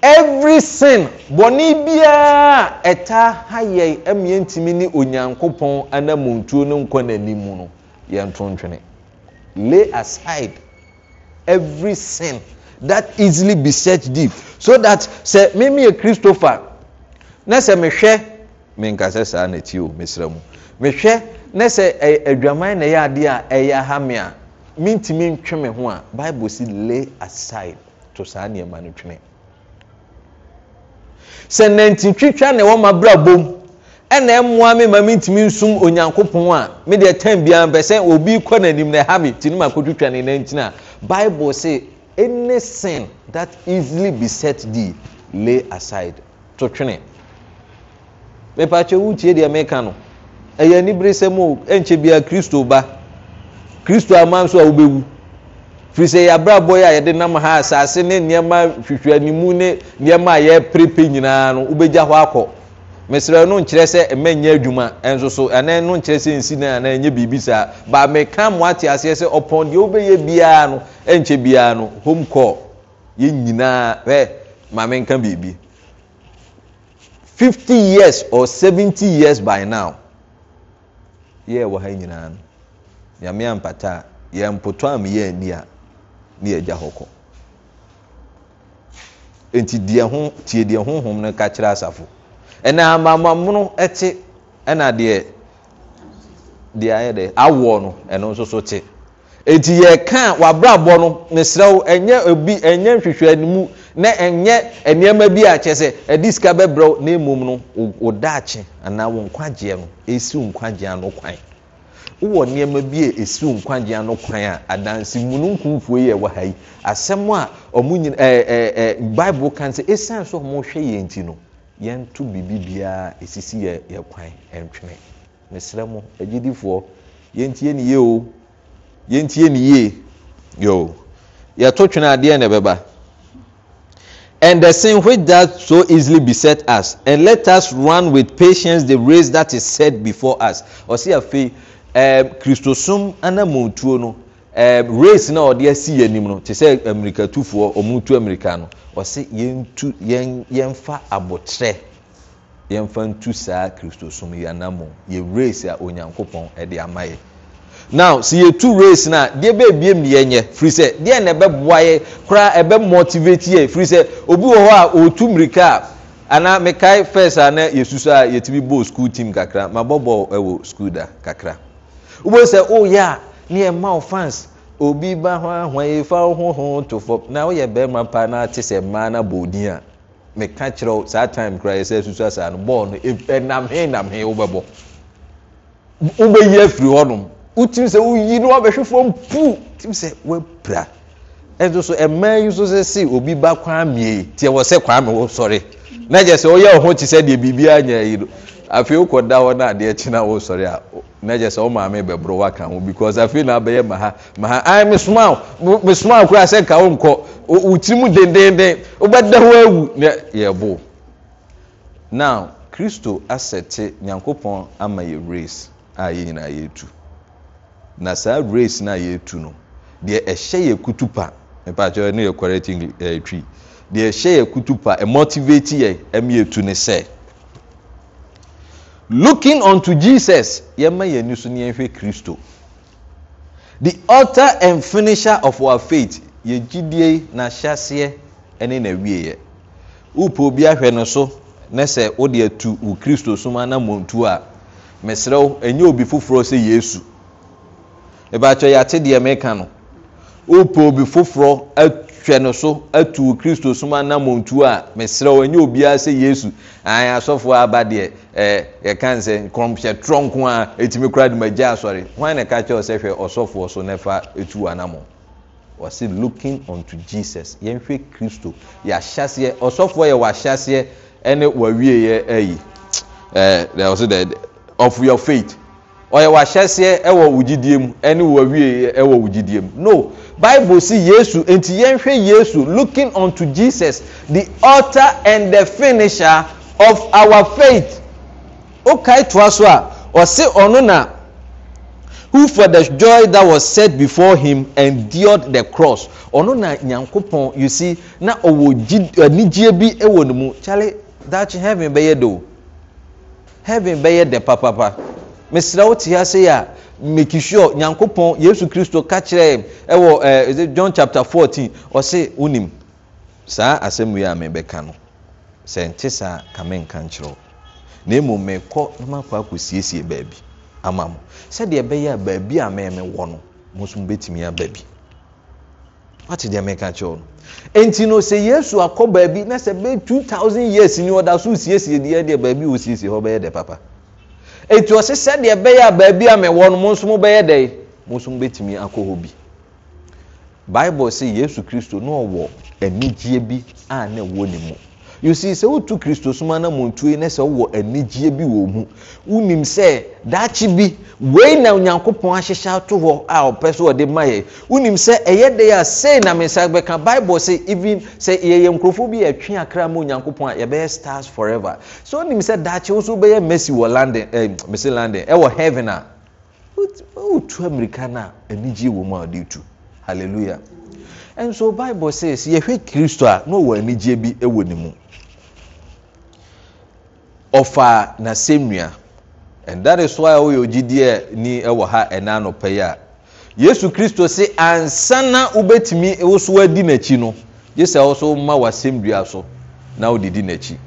every sin bɔne biara a ɛta ha yɛn ɛmɛ ntumi ne onyankopɔn anamontuo ne nkɔ n'anim mu no yɛn to lay aside every sin that easily besets deep so that sɛ mímí yɛ Christopher na sɛ mehwɛ menkasɛ saa n'akyi o mesra mu mehwɛ na sɛ ɛyɛ e, adwaman na ɛyɛ adeɛ a ɛyɛ e, ahame a mintumi ntwe me ho a Bible si lay aside to saa nneɛma no twene sɛ nantitwitwa ne wɔma brabom ɛna ɛmoa me ma mentumi nsum onyankopɔn a medeɛ tan biara mpɛ sɛ obi kɔ n'anim na ɛha me tinim akɔtwitwa ne nantin a bible say any sin that easily beset thee lay aside to twene mepakyɛ wotie deɛ meka no ɛyɛ anibere sɛm o ɛnkyɛ biara kristo ba kristo ama nso a wobɛwu firi sɛ yɛabrabɔ yɛ a yɛde nam haasase nenmmayɛperepɛ nyinaa no wobɛgya hɔ akɔ mesrɛno nkyerɛ sɛ mɛyɛ adwuma nsso nno nkyerɛ sɛsnayɛ biribisaa bmeka moateaseɛ sɛ ɔpɔ deɛ wobɛyɛ bia nonkyɛ bia no ɛnyinaaaenka birbi50 ye 70 yea byno yɛɔwɔ ha nyinaa onaeampataa yɛmpotɔamyɛnia ne yɛagya hɔ kɔ ho tie deɛ honhom no ka kyerɛ asafo ɛna amamamono te ɛna deɛ deɛ ayɛ dɛ awoɔ no ɛno nso so te ɛnti yɛkaa wabrabɔ no mesrɛ wo ɛnyɛ obi ɛnyɛ nhwehwɛne mu na ɛnyɛ nneɛma bi a kyɛ sɛ ɛde sika bɛbrɛw na mmom no wo daakye anaa wo nkwagyeɛ no esi wo nkwagyeɛ ano kwan wowɔ nneɛma bi a ɛsi wo nkwagye no kwan a adanse mununkumfoɔ yi ɛwɔ ha yi asɛm a ɔmo nyina ɛɛ bible kan sɛ ɛsiane so ɔmo hwɛ yɛn ti no yɛnto biribi biara ɛsisi yɛ yɛ kwan ɛntwene mesrɛ mo agyidifoɔ yɛntie ne yie o yɛntie ne yie yoo yɛto twene adeɛ na ɛbɛba and the sin which doth so easily beset us and let us run with patience the race that is set before us ɔsi afei ɛɛ eh, kristosom anamutuo no ɛɛ eh, race na ɔde asi yɛn anim no te sɛ amirikatufoɔ ɔmo tu amirika no ɔsi yɛn tu fa yɛnfa abotire yɛnfa ntu saa kristosom yɛn anamu yɛ race a onyankopɔn ɛde e ama yɛ. now sɛ yɛtu race no a ebe bɛɛbiem ne yɛnyɛ firi sɛ deɛ ne ɛbɛboa yɛ koraa ɛbɛmotivate yɛ firi sɛ obi wɔ hɔ oh, a ah, ɔɔtu oh, mmirika a anaa mekae firs a na eh, yɛsu so a ah, yɛtumi bɔɔ sukuul team kakra mabɔbɔ ɛwɔ sukuul da kakra wobɛhu sɛ woyɛ a ne yɛmma wo fans obi ba ho ahwayifa hoho to fam na woyɛ bɛrima pa na te sɛ mmaa na bɔ odin a meka kyerɛw saa time koraa yɛ sɛ susu asaa no bɔɔl no ɛnam he nam he wobɛbɔ afiri hɔnom wotimi sɛ woyi no wabɛhwe fam pu sɛ woapira ɛnso so ɛma yi so sɛ se obi ba kwaamee nti sɛ wo sɔre na gye sɛ woyɛ wo ho te sɛdeɛ biribiaa nya yi no afei hɔ adeɛ kyena wo sɔre a na gye sɛ wo maame waka ho na abɛyɛ maha maha mesoma wo mesoma wo koraa sɛ nka wo nkɔ mu dendenden wobɛda na yɛbo now kristo asɛte nyankopɔn ama yɛ race a yɛ nyinaa saa race no ayɛtu no deɛ ɛhyɛ yɛ kutu pa ɛɛt deɛ ɛhyɛ yɛ kutu pa ɛmotivete yɛ mayɛt no sɛ looking nto jesus yɛma yɛnni so ne yɛnhwɛ kristo the altor and finisiure of our faith yɛgyidie n'ahyɛseɛ ne nowieeɛ wopbi ahwɛ no so ne sɛ wode atu wo kristo sma nommɔntuo a mesrɛ wo ɛnyɛ obi foforɔ sɛ yɛsu ɛbɛakyɛ yɛate deɛ meka no wopɛ obi foforɔ atwɛ no so atu kristo som anamɔntuo a mesrɛ wo ɛnyɛ obiara sɛ yesu ayɛ asɔfoɔ aba deɛ yɛka ne sɛ krɔmhyɛ trɔ nko a ɛtumi kora de magya asɔre hwan ne ka kyerɛ wo hwɛ ɔsɔfoɔ so na fa ɛtu anammɔ looking unto jesus yɛnhwɛ kristo yɛahyɛseɛ ɔsɔfoɔ yɛ wɔahyɛseɛ ne wawieeɛ ayi ɔse of your faith ɔyɛ w'ahyɛseɛ ɛwɔ wo gyidie mu ɛne wo awie ɛwɔ wo gyidie mu no bible si yesu nti yɛnhwɛ yesu looking unto jesus the author and the finisher of our faith Okai toa so a ɔse ɔno na who for the joy that was set before him endured the cross ɔno na nyankopɔn you see na ɔwɔ anigyeɛ eh, bi ɛwɔ ne mu kyale dakye heaven bɛyɛ de o heaven bɛyɛ de papapa. Pa mesrɛ wo tea sei a meki sure nyankopɔn yesu kristo ka kyerɛɛ ɛwɔ eh, john chapter fourteen, ɔse wonim saa asɛm wei a mebɛka no sɛ nte saa ka menka nkyerɛwo na mmom meekɔ na makɔ akɔsiesie baabi ama mo sɛdeɛ ɛbɛyɛ a baabi a memewɔ no mo nso mobɛtumi aba bi wate deɛ meka kyerɛw no ɛnti no sɛ yesu akɔ baabi na sɛ bɛ 2000 years ni ɔda so wosiesie deɛ deɛ baabi wɔsiesie hɔ bɛyɛ dɛ papa ɛti ɔsi sɛdeɛ bɛyɛ a baabi a mɛwɔ no mo nso mo bɛyɛ dɛ mo nso mo bɛtumi akɔ hɔ bi bible sɛ yesu kristo no ɔwɔ anigyeɛ bi a na ɛwɔ ne mu you see sɛ wotu kristo soma na montuo na sɛ wowɔ anigyeɛ bi wɔ mu wonim sɛ daakye bi wei na onyankopɔn ahyehyɛ ato hɔ a ɔpɛ so ɔde ma yɛ wonim sɛ ɛyɛ de a sei na mensa bɛka bible sɛ even sɛ yɛyɛ nkurɔfoɔ bi yɛtwe akra ma onyankopɔn a yɛbɛyɛ stars forever so wonim sɛ daakye wo so wobɛyɛ mercy wɔ london eh, mesi london ɛwɔ heaven a wotu amerika no a anigyeɛ wɔ mu a ɔde tu hallelujah ɛnso bible says yɛhwɛ kristo a na ɔwɔ anigyeɛ bi wɔ ne mu ɔfaa n'asɛnnua and that is why woyɛ ogyideɛ ni wɔ ha ɛna anɔpɛ yi a yesu kristo se ansa na wobɛtumi woso adi n'akyi no gye sɛ wo so woma so na wode di n'akyi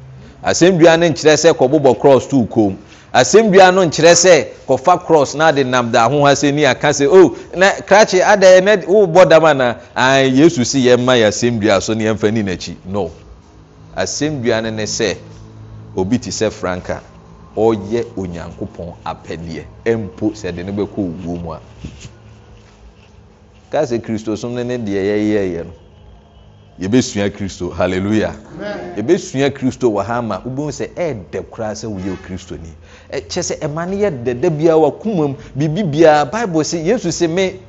asɛmdua no nkyerɛ sɛ kɔbobɔ cross too kom asɛmdua no nkyerɛ sɛ kɔfa cross na ade nam da ahoha sɛ ni aka sɛ o na krakye ada nɛ wobɔ dam ana yesu se yɛmma yɛ asɛmdua so ne yɛmfa ni n'akyi no asɛmdua no ne sɛ obi te sɛ franka ɔyɛ onyankopɔn apɛdeɛ mpo sɛde no bɛkɔ owuo mu a ka sɛ kristosom no ne deɛ yɛyɛyɛ no yɛbɛsua kristo Hallelujah. yɛbɛsua kristo wɔ ha ama wobɛhu sɛ ɛɛdɛ koraa sɛ woyɛ kristoni kyɛ sɛ ɛma no yɛ dɛda biara wakoma m biribibiara bible sɛ yesu sɛ me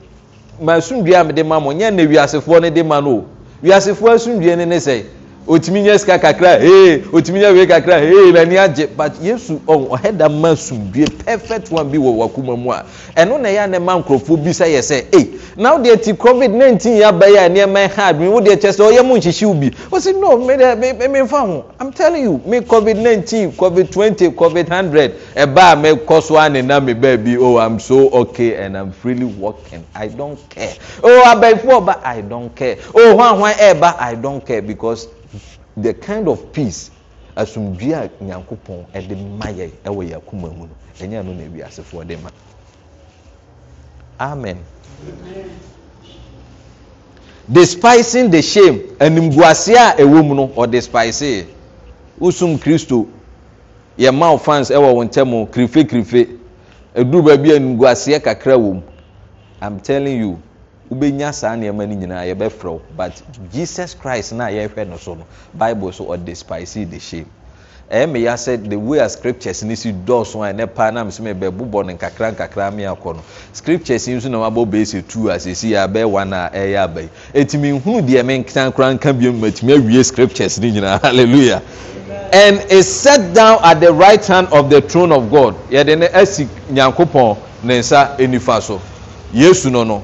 maasomdua a mede ma mɔ nyɛ na wiasefoɔ no de ma no o wiasefoɔ asomdua no ne sɛ otumi nyɛ sika kakra ee otumi nyɛ wei kakra ee Lani agye but yesu ɔhɛ da ma sumdue perfect one bi wɔ wakoma mu a ɛno na ɛyɛ a ne ma nkurɔfoɔ bi sɛ yɛ sɛ ee now deɛ ti covid nineteen yɛ abɛyɛ a nneɛma yɛ hard mi wo deɛ kyɛ sɛ ɔyɛ mu nhyehyew bi o no me de me me nfa ho i'm telling you me covid nineteen covid twenty covid hundred ɛbaa me kɔ so a ne nam me baabi oh i'm so okay and i'm freely working i don't care oh abɛɛfo ɔba i don't care oh hwan hwan ɛɛba i don't care because the kind of peace asomdwe a nyankopɔn ɛde ma yɛ ɛwɔ yɛ akoma mu no ɛnyɛ ano na ebi asefoɔ de ma amen despising the shame animguase a ɛwɔ mu no ɔde spicee usum kristo yɛ mouth fans ɛwɔ wɔn ntɛm kirifekirife eduru baabi animguaseɛ kakra wɔ mu i'm telling you wobɛnya saa nnoɔma no nyinaa yɛbɛfrɛ wo but jesus christ na yɛhwɛ no so no bible so ɔde spicy the shame ɛyɛmeya sɛ the way a scriptures ni si dɔɔso a ɛnɛ paa nam sɛm bɛbobɔ no nkakra nkakra me akɔ no scriptures yi nso na wabɔ bɛɛsɛ tu a sɛsi a bɛɛ one a ɛyɛ aba yi ɛtumi nhunu deɛ menkena nkora nka biom matumi awie scriptures ni nyinaa hallelujah and is sat down at the right hand of the throne of god yɛde no asi nyankopɔn ne nsa nifa so yesu no no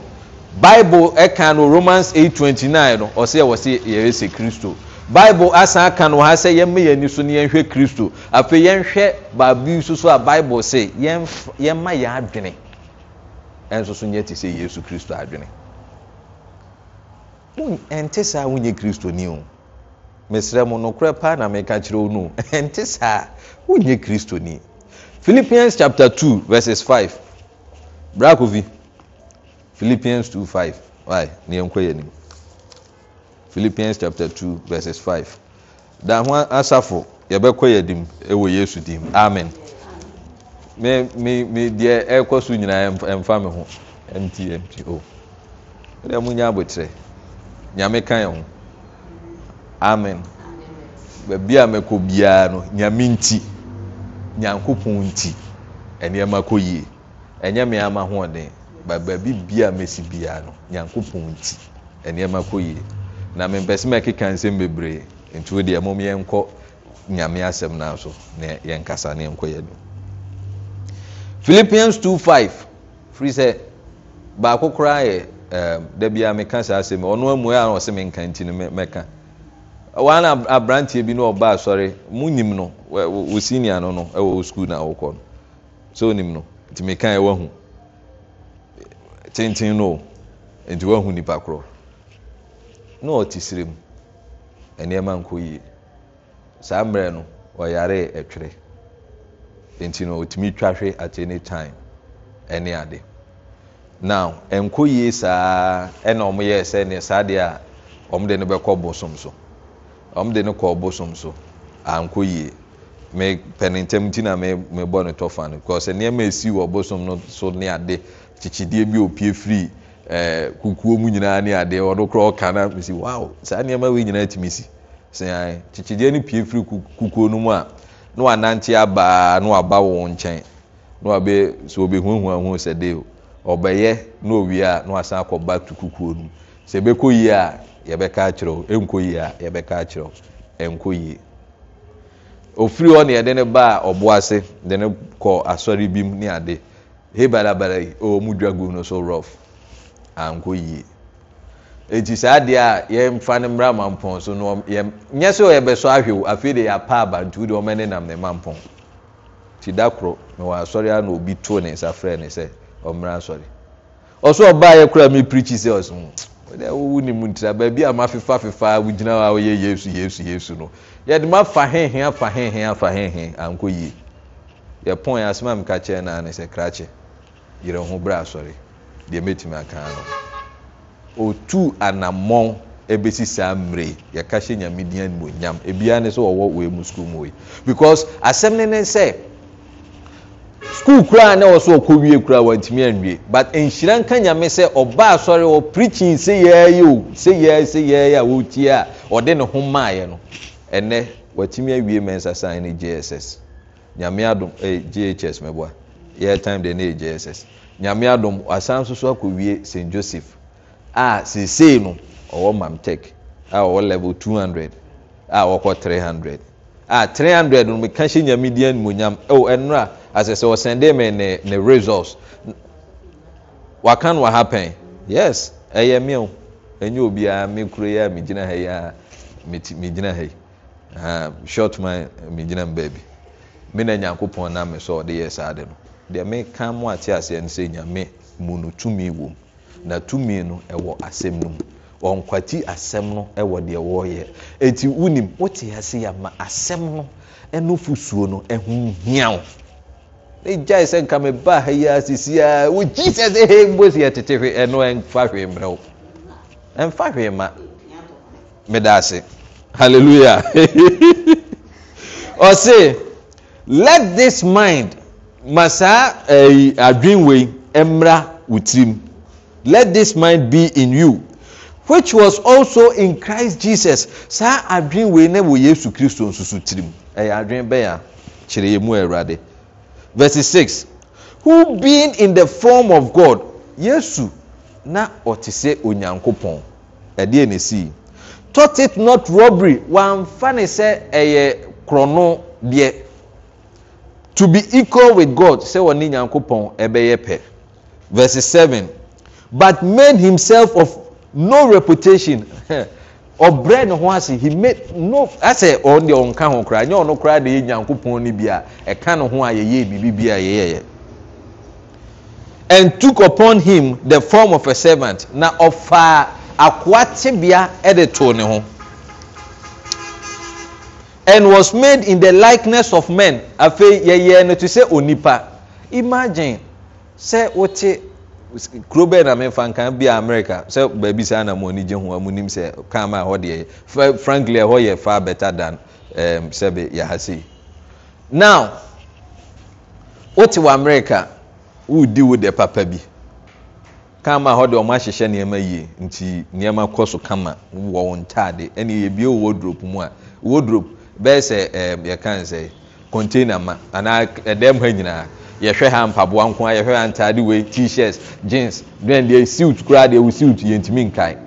bible ɛka no romans 8:29 no ɔsɛ ɛwɔ sɛ yɛrɛsɛ kristo bible asan aka no ha sɛ yɛmma yɛn ani so no yɛnhwɛ kristo afei yɛnhwɛ baabi so a bible se yɛmma yɛn adwene ɛnso so nyɛ te sɛ yesu kristo adwene ɛnte saa wonyɛ kristoni o mesrɛ mo nokorɛ paa na meka kyerɛ wo no ɛnte <laughs> saa wonyɛ kristoni philippians chapter two verses 5 brakovi philippians 2:5 why ne yɛn nkɔ yɛn anim philippians chapter 2 verses 5 da ho asafo yɛbɛkɔ yɛn anim ɛwɔ yesu dim amen me me me deɛ ɛkɔ e so nyinaa ɛmfa me ho ɛmti ɛmti o oh. ɛdɛ mo nya abotire nyame ka yɛn ho amen baabi a mɛkɔ biara no nyame nti nyankopɔn nti ɛnneɛma e kɔ yie ɛnyɛ e me ama ho ɔden baabi bia a mɛsi biaa no nyankopɔn nti nnoɔma kɔ yie na mempɛ sɛ mɛkeka nsɛm bebree nti wo deɛ mom yɛnkɔ nyame asɛm no so na yɛnkasa ne yɛnkɔ yɛn Philippians five firi sɛ baako koraa yɛ da bia meka saa asɛm ɔno amue a ɔsɛ menka nti no mɛka wɔn aberanteɛ bi na ɔba asɔre mu nim no wɔ senior no no ɛwɔ sukuu na ɔkɔ no so nim no nti meka ɛwɔ ho. tenten no nti woahu nipa korɔ Na ɔte sire mu ɛnnoɔma nkɔ yie saa mmerɛ no ɔyare ɛtwerɛ nti no ɔtumi twahwe at any time ɛne ade now ɛnkɔ yie saa ɛna ɔmoyɛɛ sɛneɛ saa deɛ a ɔmde no bɛkɔ bosom so ɔmde no kɔ bosom so ankɔ yie me pɛne ntam nti na mebɔ no tɔfa no bcause ɛnnoɔma ɛsi wɔ bosom no so ne ade kyekyedeɛ bi opie firi ɛɛ eh, kukuo mu nyinaa ne adeɛ ɔno koraa ɔka na mesi wow saa nneɛma wei nyinaa tumi si sɛn kyekyedeɛ no pie firi kukuo no mu a na wanante abaa na waba wɔn nkyɛn na wabe so obehuahua ho sɛ de ɔbɛyɛ na owie a na wasan akɔ back to kukuo no sɛ ebɛkɔ yie a yɛbɛka akyerɛw enkɔ yie a yɛbɛka akyerɛw ɛnkɔ yie ofiri hɔ na yɛde ne ba a ɔbo ase de ne kɔ asɔre bi mu ne ade. Oh, he balabala ɔmu dwagu no so rof ankɔ yie ɛnti saa deɛ a yɛmfa no mmra mampɔn so nyɛ sɛ yɛbɛsɔ ahweo afei de yɛapa abantu nti wode nenam nam ne mampɔn nti da korɔ na wɔasɔre ana obi too ne nsa frɛ ne sɛ ɔmmra asɔre ɔso ɔbaa yɛ kora meprikyi sɛ ɔs wode wowu ne mu ntira baabi a mafefa fefaa wogyina hɔ a woyɛ yesu yesu yesu no yɛde ma fa hehe afa hehe afa hehe ankɔ yie yɛpɔn yɛ asɛm a meka kyerɛ naa ne sɛ krakye yerɛ ho berɛ asɔre deɛ mɛtumi akaa no ɔtuu anammɔn bɛsi saa mmeree yɛka hyɛ nyamedina nyam ebiaa ne sɛ wɔwɔ wei mu sukuul mu ei because asɛm ne ne sɛ sukuul koraa ne wɔ so ɔkɔ wie koraa wantumi anwie but nhyira nka nyame sɛ ɔba asɔre wɔ preaching sɛyɛɛyɛ o sɛyɛɛ sɛyɛɛyɛ a wɔretie a ɔde ne ho maaeɛ no ɛnɛ watumi awie mɛnsa sane ne jss nyame adom eh, ghs mɛboa yɛ time de neɛjss nyame adom asan soso akɔ wie s joseph a sesei no ɔwɔ mam tek a ɔwɔlv 200 awɔkɔ300 300 no meka hyɛ nyamedinimnyamɛnra asɛ sɛ ɔsɛnde me ne resrs waka no ahapen ys ɛyɛmeo nyɛ obia me kro yi a megyinaha i megyinaha i shot min megyinam baabi mena nyankopɔn namme sɛ ɔdeyɛ saade no deɛ meka mo ate aseɛ no sɛ nyame mu no tumi wɔ mu na tumi no ɛwɔ asɛm no mu ɔnkwati asɛm no ɛwɔ deɛ wɔreyɛ eti wunim wote ase yama asɛm no ɛno fusuo no ɛho hia wo ne gyae sɛ nka ba ha yi asisi a wo jesus ehe mbosi ɛtete hwe ɛno ɛnfa hwee mmerɛ wo ɛnfa hwee ma meda ase hallelujah <laughs> ɔse let this mind ma saa eh, adwenwei mmra wo let this mind be in you which was also in Christ Jesus saa adwenwei na wɔ Yesu Kristo nsusu tirim ɛyɛ adwen bɛyɛ a kyerɛ yɛ mu Awurade verse six who being in the form of God Yesu na ɔte sɛ Onyankopɔn ɛdeɛ na esi thought it not robbery wɔamfa ne sɛ ɛyɛ korɔno deɛ to be equal with god sɛ wɔne nyankopɔn ɛbɛyɛ pɛ verse seven but made himself of no reputation ɔbrɛ <laughs> ne ho ase he made no asɛ ɔn deɛ ɔnka ho koraa nyɛ ɔno koraa deɛ yɛ nyankopɔn no bi a ɛka ne ho a yɛyɛ biribi bi and took upon him the form of a servant na ɔfaa akoa tebea ɛde too ne ho and was made in the likeness of men afei yɛyɛ no to say onipa imagine sɛ wote kuro bɛɛ na mefa nkan bi a america sɛ baabi saa na mo ani gye ho a mo sɛ kama a hɔ deɛ frankly ɛhɔ yɛ far better than um, sɛbe yɛhase now wote wɔ america wodi wo deɛ papa bi kama a hɔ deɛ ɔmo ahyehyɛ nneɛma yie nti nneɛma kɔ so kama wɔ wɔn ntaade ɛnna yɛ wɔ wardrobe mu a wardrobe bɛɛ sɛ ɛɛ yɛka n sɛ container ma anaa ɛdɛm eh, ha nyinaa yɛhwɛ ha mpaboa nko a yɛhwɛ ha ntaade wei t-shirts jeans then deɛ suit koraa deɛ wo suit yɛntumi nkae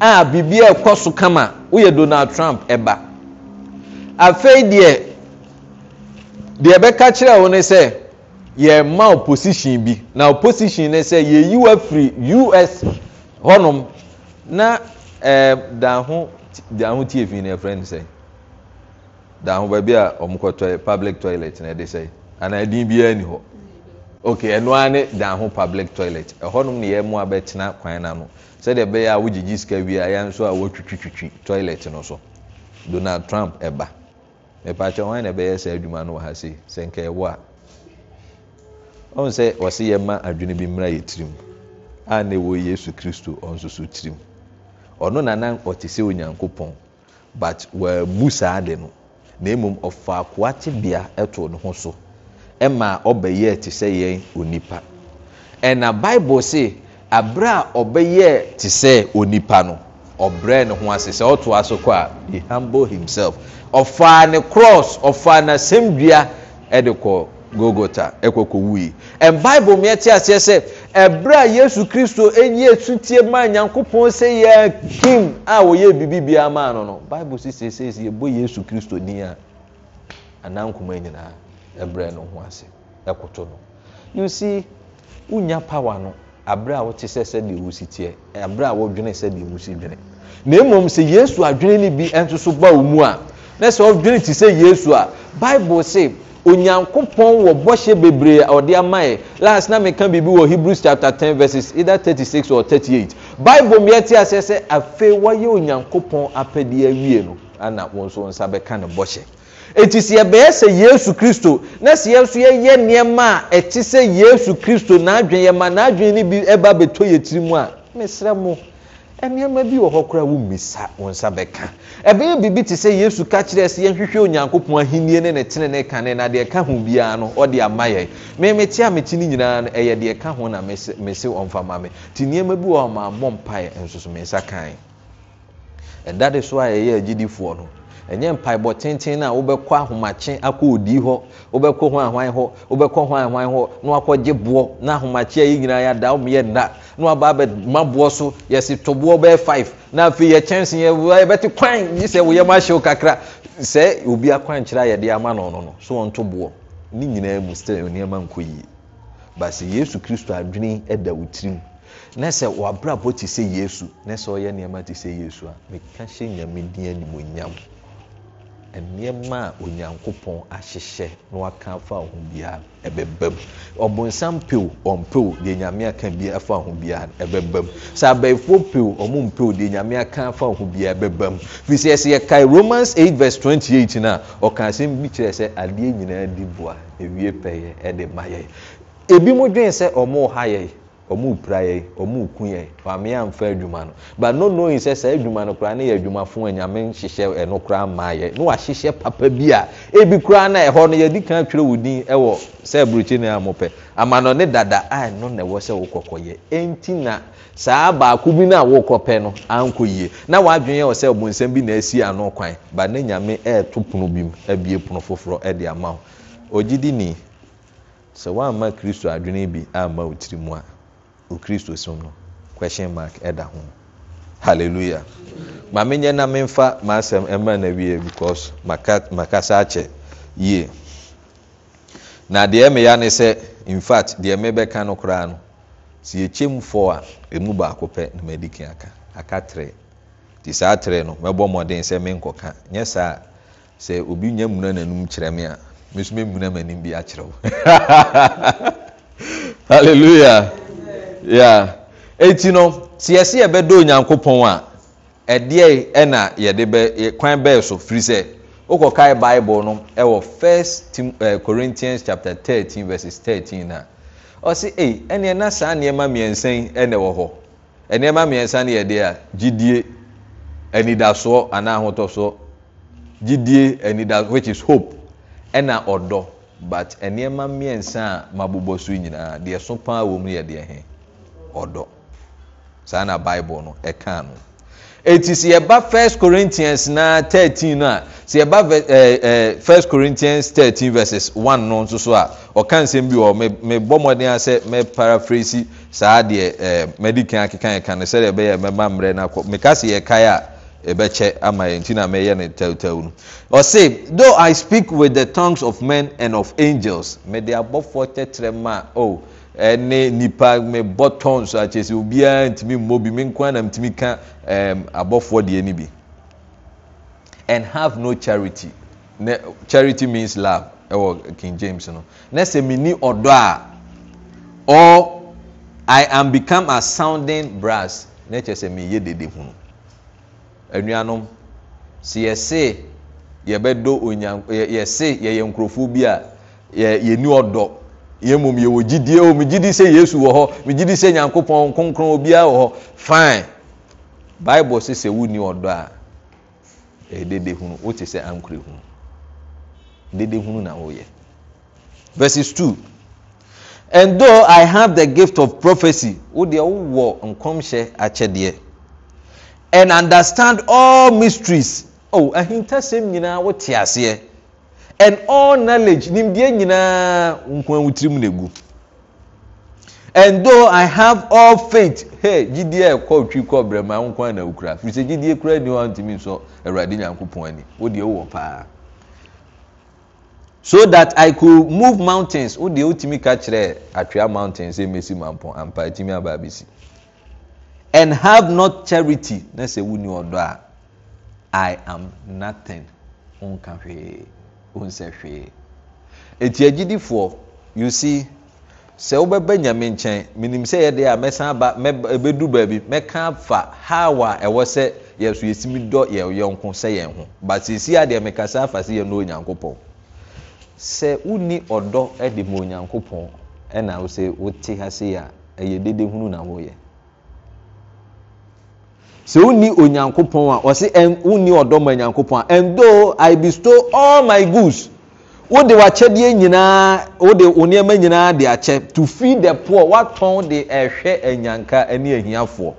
a biribi a ɛkɔ so kama woyɛ Donald Trump ɛba afei deɛ deɛ bɛka kyerɛ wo ne sɛ yɛma opposition bi na opposition ne sɛ yɛyi wa firi US hɔnom na ɛɛ eh, dan ho dan ho tie fi na yɛfrɛ ne sɛ. da ho baabi a ɔmokɔ public toilet na ɛde sɛ anaa ɛdin biara ni hɔ ok ɛno ne da public toilet ɛhɔnom ne yɛn mu abɛtena kwan na no sɛdeɛ ɛbɛyɛ a wogyegye sika wie a yɛn nso a wɔtwitwitwitwi toilet no so Donald Trump ɛba wɔn na ɛbɛyɛ adwuma no wɔ ha sɛ a ɔn sɛ wɔsi ma adwene bi mmira yɛ a na ɛwɔ Yesu Kristo tirim ɔno ɔte sɛ but na mmom ɔfaakoa tebea ɛtoo ne ho so ɛmaa ɔbɛyɛɛ te sɛ yɛn onipa ɛna bible se aberɛ a ɔbɛyɛɛ te sɛ onipa no ɔbrɛɛ ne ho ase sɛ ɔtoa so kɔ a he humble himself ɔfaa ne cross ɔfaa n'asɛmdua ɛde kɔ golgota ɛkɔkɔwui ɛn bible meɛte aseɛ sɛ ɛberɛ a yesu kristo ɛnyi asutie maa nyankopɔn sɛ yɛ kim a wɔyɛ birbibiaa maa no no bible si seseiesi ebo yesu kristo ni a anaa nkoma nyinaa ɛberɛ no ho ase ɛkoto no us unya power no aberɛ a wote sɛ sɛdeɛ wo si teɛ aberɛ a wodwene sɛdeɛ wo si dwene na mmom sɛ yesu adwene ni bi ɛnto so ba wo a na sɛ wodwene te sɛ yesu a bible se onyankopɔn wɔ bɔhyɛ bebree a ɔde amaeɛ last na meka biribi wɔ hebrews chapter ten verses either thirty six or 38 bible mu yɛte aseɛ sɛ afei wɔyɛ onyankopɔn apɛdeɛ awie no ana wɔn nso nsa bɛka ne bɔhyɛ ɛti sɛ yɛbɛyɛ sɛ yesu kristo na sɛ yɛ nso yɛyɛ nneɛma a ɛte sɛ yesu kristo n'adwene yɛma n'adwene no bi ɛba bɛtɔ yɛ tiri mu a mesrɛ mo nnoɔma bi wɔ hɔ koraa wommisa wo nsa bɛka ɛbɛyɛ biribi te sɛ yesu ka kyerɛɛ sɛ yɛnhwehwɛ onyankopɔn ahennie ne ne tene ne kane na deɛ ka ho biara no ɔde ama yɛn memete a mete ne nyinaa no ɛyɛ deɛ ka ho na mese ma me Te nnoɔma bi wɔ mammɔ mpaeɛ nso so me kan. Ɛda de so a yɛyɛ agyidifoɔ no ɛnyɛ mpaebɔ tenten no a wobɛkɔ ahomakye akɔ odii hɔ wobɛkɔ ho ahwan hɔ wobɛkɔ ho ahwan hɔ na wakɔgye boɔ na ahomakye a yi nyinaa yɛada yɛ nna na waba abɛma boɔ so yɛsi bɛyɛ na afei kwan sɛ ma ahyew kakra sɛ obi akwan kyerɛ a yɛde ama no no no so boɔ ne nyinaa mu sɛ nneɛma nkɔ yie ba yesu kristo adwene da na sɛ wabrabɔ te sɛ yesu na sɛ ɔyɛ nneɛma a meka hyɛ nneɛma a onyankopɔn ahyehyɛ na waka afa ho biara ɛbɛba mu ɔbonsam pew ɔmpew deɛ nyame aka bi afa ho biara ɛbɛba mu sɛ abɛɛfoɔ pew ɔmo mpew deɛ nyame aka afa ho biara ɛbɛba mu firi sɛ yɛkae Romans eight verse twenty eight na ɔka asɛm bi kyerɛ sɛ adeɛ nyinaa di boa ewie pɛyɛ ɛde ma yɛ ebi mo dwen sɛ ɔmo ha yɛ ɔmu pra yɛ ɔmu ku yɛ ɔame adwuma no but no knowing sɛ saa adwuma no kura ne yɛ adwumafo a nyame nhyehyɛ ɛno koraa maa papa bi a ebi koraa na ɛhɔ no yɛdi kan atwerɛ wo din ɛwɔ sɛ aburukyi a dada a ɛno na ɛwɔ sɛ wokɔkɔ yɛ enti na saa baako bi no yie na yɛ wɔ sɛ na ano kwan ba ne okristo som no question mark ɛda ho hallelujah maame nyɛ na memfa maasɛm ɛmma na wie because makasa akyɛ yie na deɛ meya ne sɛ in fact deɛ mebɛka no koraa no sɛ yɛkyɛm foɔ a ɛmu baako pɛ na madi ka aka aka trɛ nti saa trɛ no mɛbɔ mmɔden sɛ menkɔka nyɛ saa sɛ obi nya mmuna n'anum kyerɛ me a me nso memmuna m'anim bi akyerɛ wo <laughs> ɛnti no sɛ ebe yɛbɛdɔ onyankopɔn a ɛdeɛ ɛna yɛde kwan bɛɛ so firi sɛ wokɔkae no ɛwɔ 1 eh, chapter 13 13 na saa nnoɔma mmiɛnsan ɛnɛ wɔ hɔ ɛnnoɔma mmiɛnsa no yɛdeɛ a gyidie anidasoɔ anaa ahotɔsoɔ gyidie hope ɛna ɔdɔ saa na bible no ɛka no ɛti sɛ yɛba 1 corinthians na 13 no a sɛ yɛba 1 corinthians thirteen verses one no nso so a ɔka nsɛm bi wɔ mebɔ mmɔden a sɛ mɛparafrasi saa deɛ madi kan akeka ɛka no sɛdeɛ ɛbɛyɛ mɛma mmerɛ no akɔ meka sɛ yɛkae a ɛbɛkyɛ ama yɛn nti na mɛyɛ no tɛwtɛw no ɔse though i speak with the tongues of men and of angels mede abɔfoɔ tɛtrɛ ma a oh, ɛne nipa me bɔtɔns akyɛ sɛ obiara ntumi mmɔ bi me nko ara na ntumi ka ɛɛm abɔfoɔ deɛ no bi and have no charity ne charity means love ɛwɔ King James no na sɛ mi ni ɔdɔ a or I am become a sounding brass na kyɛ sɛ mi yɛ dede hunu anuanom sɛ yɛse yɛbɛdɔ onyan yɛse yɛyɛ nkurɔfoɔ bi a yɛ yɛni ɔdɔ yɛ mmom yɛwɔ gyidie o megyidi sɛ yesu wɔ hɔ megyidi sɛ nyankopɔn kronkron obiara wɔ hɔ fine bible sɛ sɛ wonni ɔdɔ a ɛdede e hunu wote sɛ ankorɛ hunu dede hunu na woyɛ verses two and though i have the gift of prophecy wodeɛ wowɔ nkɔmhyɛ akyɛdeɛ and understand all mysteries oh ahintasɛm nyinaa wote aseɛ and all knowledge nimdeɛ nyinaa nkoa wo tirim na egu and though i have all faith hey gidie ɛkɔ otwi kɔ brɛma nkoa na okura firi sɛ gidie kura ni wɔn ntumi nsɔ awurade nyankopɔn ani o deɛ wɔ paa so that i could move mountains o deɛ otumi ka kyerɛ atwea mountains emesi mampɔn ampa etimi aba abesi and have not charity na sɛ wuni ɔdɔ a i am nothing nka hwee ɔnsɛ hwee ɛti you see, sɛ wobɛbɛ nyame nkyɛn menim sɛ yɛdeɛ a mɛsan bɛduru baabi mɛka fa haw a ɛwɔ sɛ yɛso yɛsimi dɔ yɛyɔnko sɛ yɛn ho but seesie a deɛ mekasa afa sɛ yɛno onyankopɔn sɛ wonni ɔdɔ de ma onyankopɔn ɛna wo sɛ wote ha sei a ɛyɛ dede hunu na woyɛ sɛ wonni onyankopɔn a ɔse wonni ɔdɔma nyankopɔn a ɛndo i bestow all my goods wode w'akyɛdeɛ nyinaa wode wo nneɛma nyinaa de akyɛ to feed the poor woatɔn de ɛhwɛ anyanka ne ahiafoɔ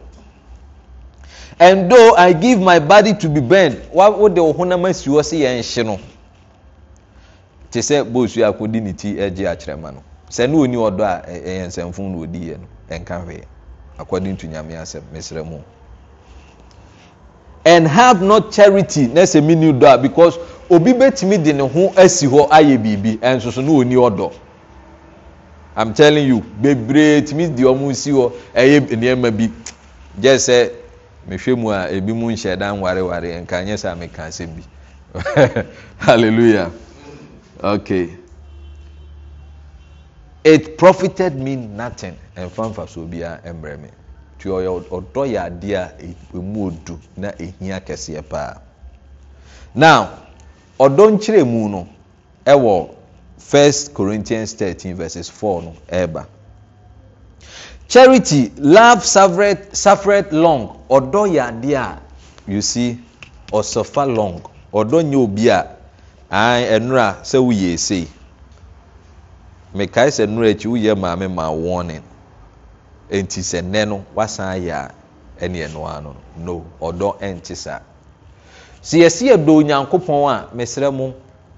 and though i give my body to be burned wode wo honam asi hɔ sɛ yɛnhye no te sɛ boosu akɔdi ne ti agye akyerɛma no sɛ ne ɔni ɔdɔ a ɛyɛ nsɛmfo no ɔdiiɛ no ɛnka hwee according to nyame asɛm mesrɛ mu and have not charity na ɛsɛ mi ni dɔ a ah, because obi bɛtumi de ne ho asi hɔ ayɛ biribi ɛnsoso na oni ɔdɔ i'm telling you bebree tumi di ɔmo si hɔ ɛyɛ nneɛma bi gye sɛ mehwɛ mu a ebi mu nhyɛ dan wareware nka nyɛ sɛ ameka asɛm bi <laughs> hallelujah okay it profited me nothing ɛnfa nfa so biara ɛmbrɛ mi nti ɔyɛ ɔdɔ yɛ adeɛ a e-, emu odu na ehia kɛseɛ paa now ɔdɔ nkyerɛmu no ɛwɔ first corinthians thirteen verses four no ɛɛba charity love suffered suffered long ɔdɔ yɛ adeɛ a you see ɔsɔfa long ɔdɔ nyɛ obi a an ɛnura sɛ woyɛ ese mekae sɛ nura akyi woyɛ maame ma warning ɛnti sɛ nnɛ no wasan yɛ a ɛneɛ noa no no ɔdɔ ɛnte saa sɛ yɛsi yɛdɔ onyankopɔn a mesrɛ mu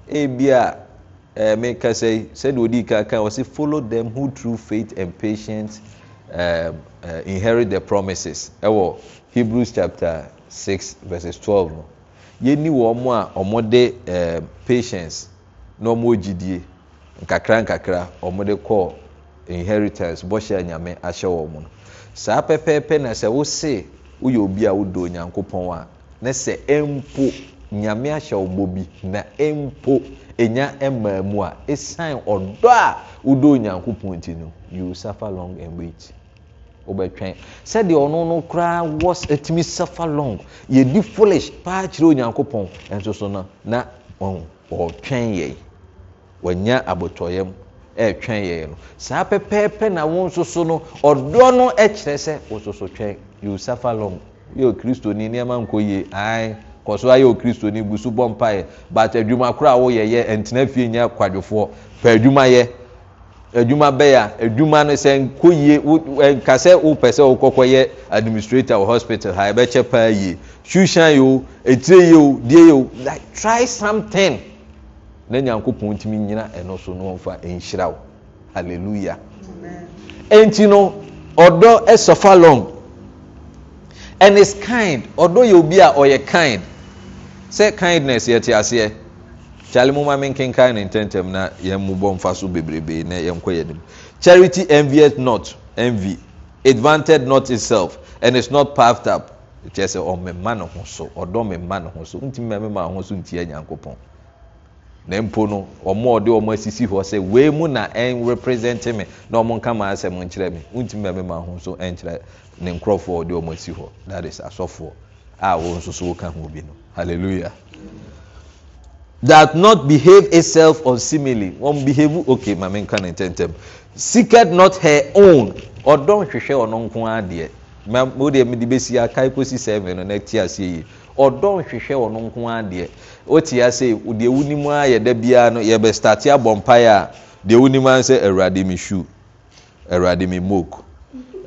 ebia ɛɛ meka sɛ sɛdeɛ odi kaka ɔsi follow them who through faith and patience um, uh, inherit the promises ɛwɔ Hebrews chapter six verses twelve no yɛni wɔn a wɔde ɛɛ patience na wɔn gyidie nkakra nkakra wɔde kɔɔ inheritance bɔhyɛ nyame ahyɛ wɔ mu no saa pɛpɛɛpɛ na sɛ wose woyɛ obi a wodɔ onyankopɔn a ne sɛ mpo nyame ahyɛ wo bɔ bi na mpo enya mmaa mu a ɛsiane ɔdɔ a wodɔ onyankopɔn nti no you suffer long and wait wobɛtwɛn sɛdeɛ ɔno no koraa was atumi suffer long yɛdi foolish paa kyerɛ onyankopɔn ɛnso so no na ɔtwɛn yɛn wanya abotɔyam ɛretwɛn yɛn no saa pɛpɛɛpɛ na wɔn nso so no ɔdɔ no kyerɛ sɛ wɔsoso twɛn you suffer long yɛ okristoni nneɛma nkɔ yie ae kɔ so ayɛ okristoni gu so bɔ mpaeɛ but adwuma koro a woyɛ yɛ ntena fie nyɛ kwadwofoɔ pɛ adwuma yɛ adwuma bɛyɛ a adwuma no sɛ nkɔ yie nka sɛ wopɛ sɛ wokɔkɔ yɛ administrator wɔ hospital ha ɛbɛkyɛ paa yie shoe shine yio etire yio die yio like try something. nnyankopɔnntimi nyina ɛnonmfanhyiraw alelua nti no ɔdɔ sufar long and its kind ɔdɔ yɛ obi a ɔyɛ kind sɛ kindness yɛteaseɛ kyale moma menkenkae no ntɛntɛm noyɛmbɔmfaso bebrebeenɛcharit ot adnteg not itself and is not pafd up kysɛ ɔmema n hosɔdɔmeman hommao ho sontinyankopɔn na mpo no ɔmo ɔde ɔmo asisi hɔ sɛ wei mu na ɛn represent me na ɔmo nka maa asɛm nkyerɛ me ntumi bɛmi maa ho nso ɛnkyerɛ ne nkorɔfoɔ ɔde ɔmo asi hɔ that is asɔfoɔ a wɔn nso so wɔka ho bi no hallelujah that not behave itself unseemly. simile wɔn behave okay maame nka ne ntɛntɛm seeketh not her own ɔdɔn hwehwɛ ɔno nko adeɛ mo deɛ mo de besi aka ekosi seven no na ti aseɛ yie ɔdɔ nhwehwɛ wɔn nko ara deɛ ɔte ase deɛ wunim ara yɛ dɛ biara no yɛbɛ starte abɔ mpaeɛ a deɛ wunim ara sɛ awurade mi shoe awurade mi mook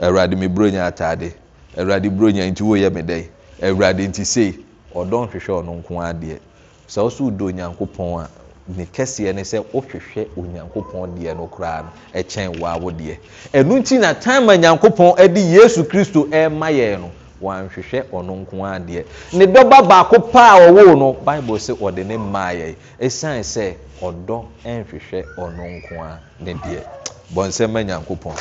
awurade mi bronya ataade awurade bronya nti wo yɛ mi dɛ awurade nti sei ɔdɔ nhwehwɛ wɔn nko ara deɛ sɛ ɔso do onyankopɔn a ne kɛseɛ ne sɛ wohwehwɛ onyankopɔn deɛ no koraa no ɛkyɛn waawo deɛ ɛnu ti na time a nyankopɔn ɛde yesu kristo ɛɛma yɛn no wanhwehwɛ ɔno nko adeɛ ne dɔba baako paa ɔwoo no bible sɛ ɔde ne maayɛ ɛsiane sɛ ɔdɔ nhwehwɛ ɔno nko a ne deɛ bɔnsɛm ma nyankopɔn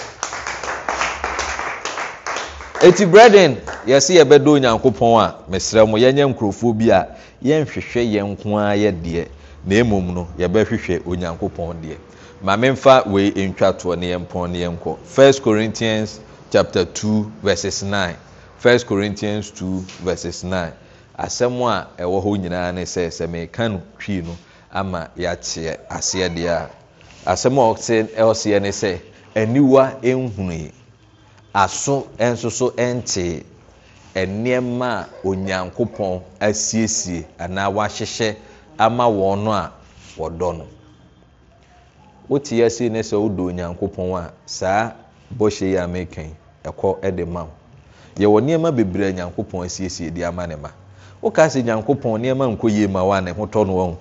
ɛti brɛden yɛsɛ yɛbɛdɔ onyankopɔn a mesrɛ mo yɛnyɛ nkurɔfoɔ bi a yɛnhwehwɛ yɛ nko ara yɛ deɛ na mmom no yɛbɛhwehwɛ onyankopɔn deɛ ma memfa wei ntwa toɔ ne yɛmpɔn ne yɛnkɔ 1 corinthians chapter two verses nine. 1 corinthians 2 v9 asɛm a ɛwɔ hɔ nyinaa ne sɛ sɛ meka no twii no ama yɛateɛ aseɛdeɛ a asɛm a ɔseɛ ne sɛ aniwa ɛnhunui aso nso so ɛntee ɛnnoɛma a onyankopɔn asiesie anaa wahyehyɛ ama wɔn no a wɔdɔ no wote yɛasei ne sɛ wodɔ onyankopɔn a saa bɔhyɛ yi a mekan ɛkɔ de ma wo yɛwɔ nnoɔma bebree nyankopɔn asiesie de ama ne ma woka sɛ nyankopɔn nnoɔma nkɔ yie ma wo a ne ho tɔ no ɔhu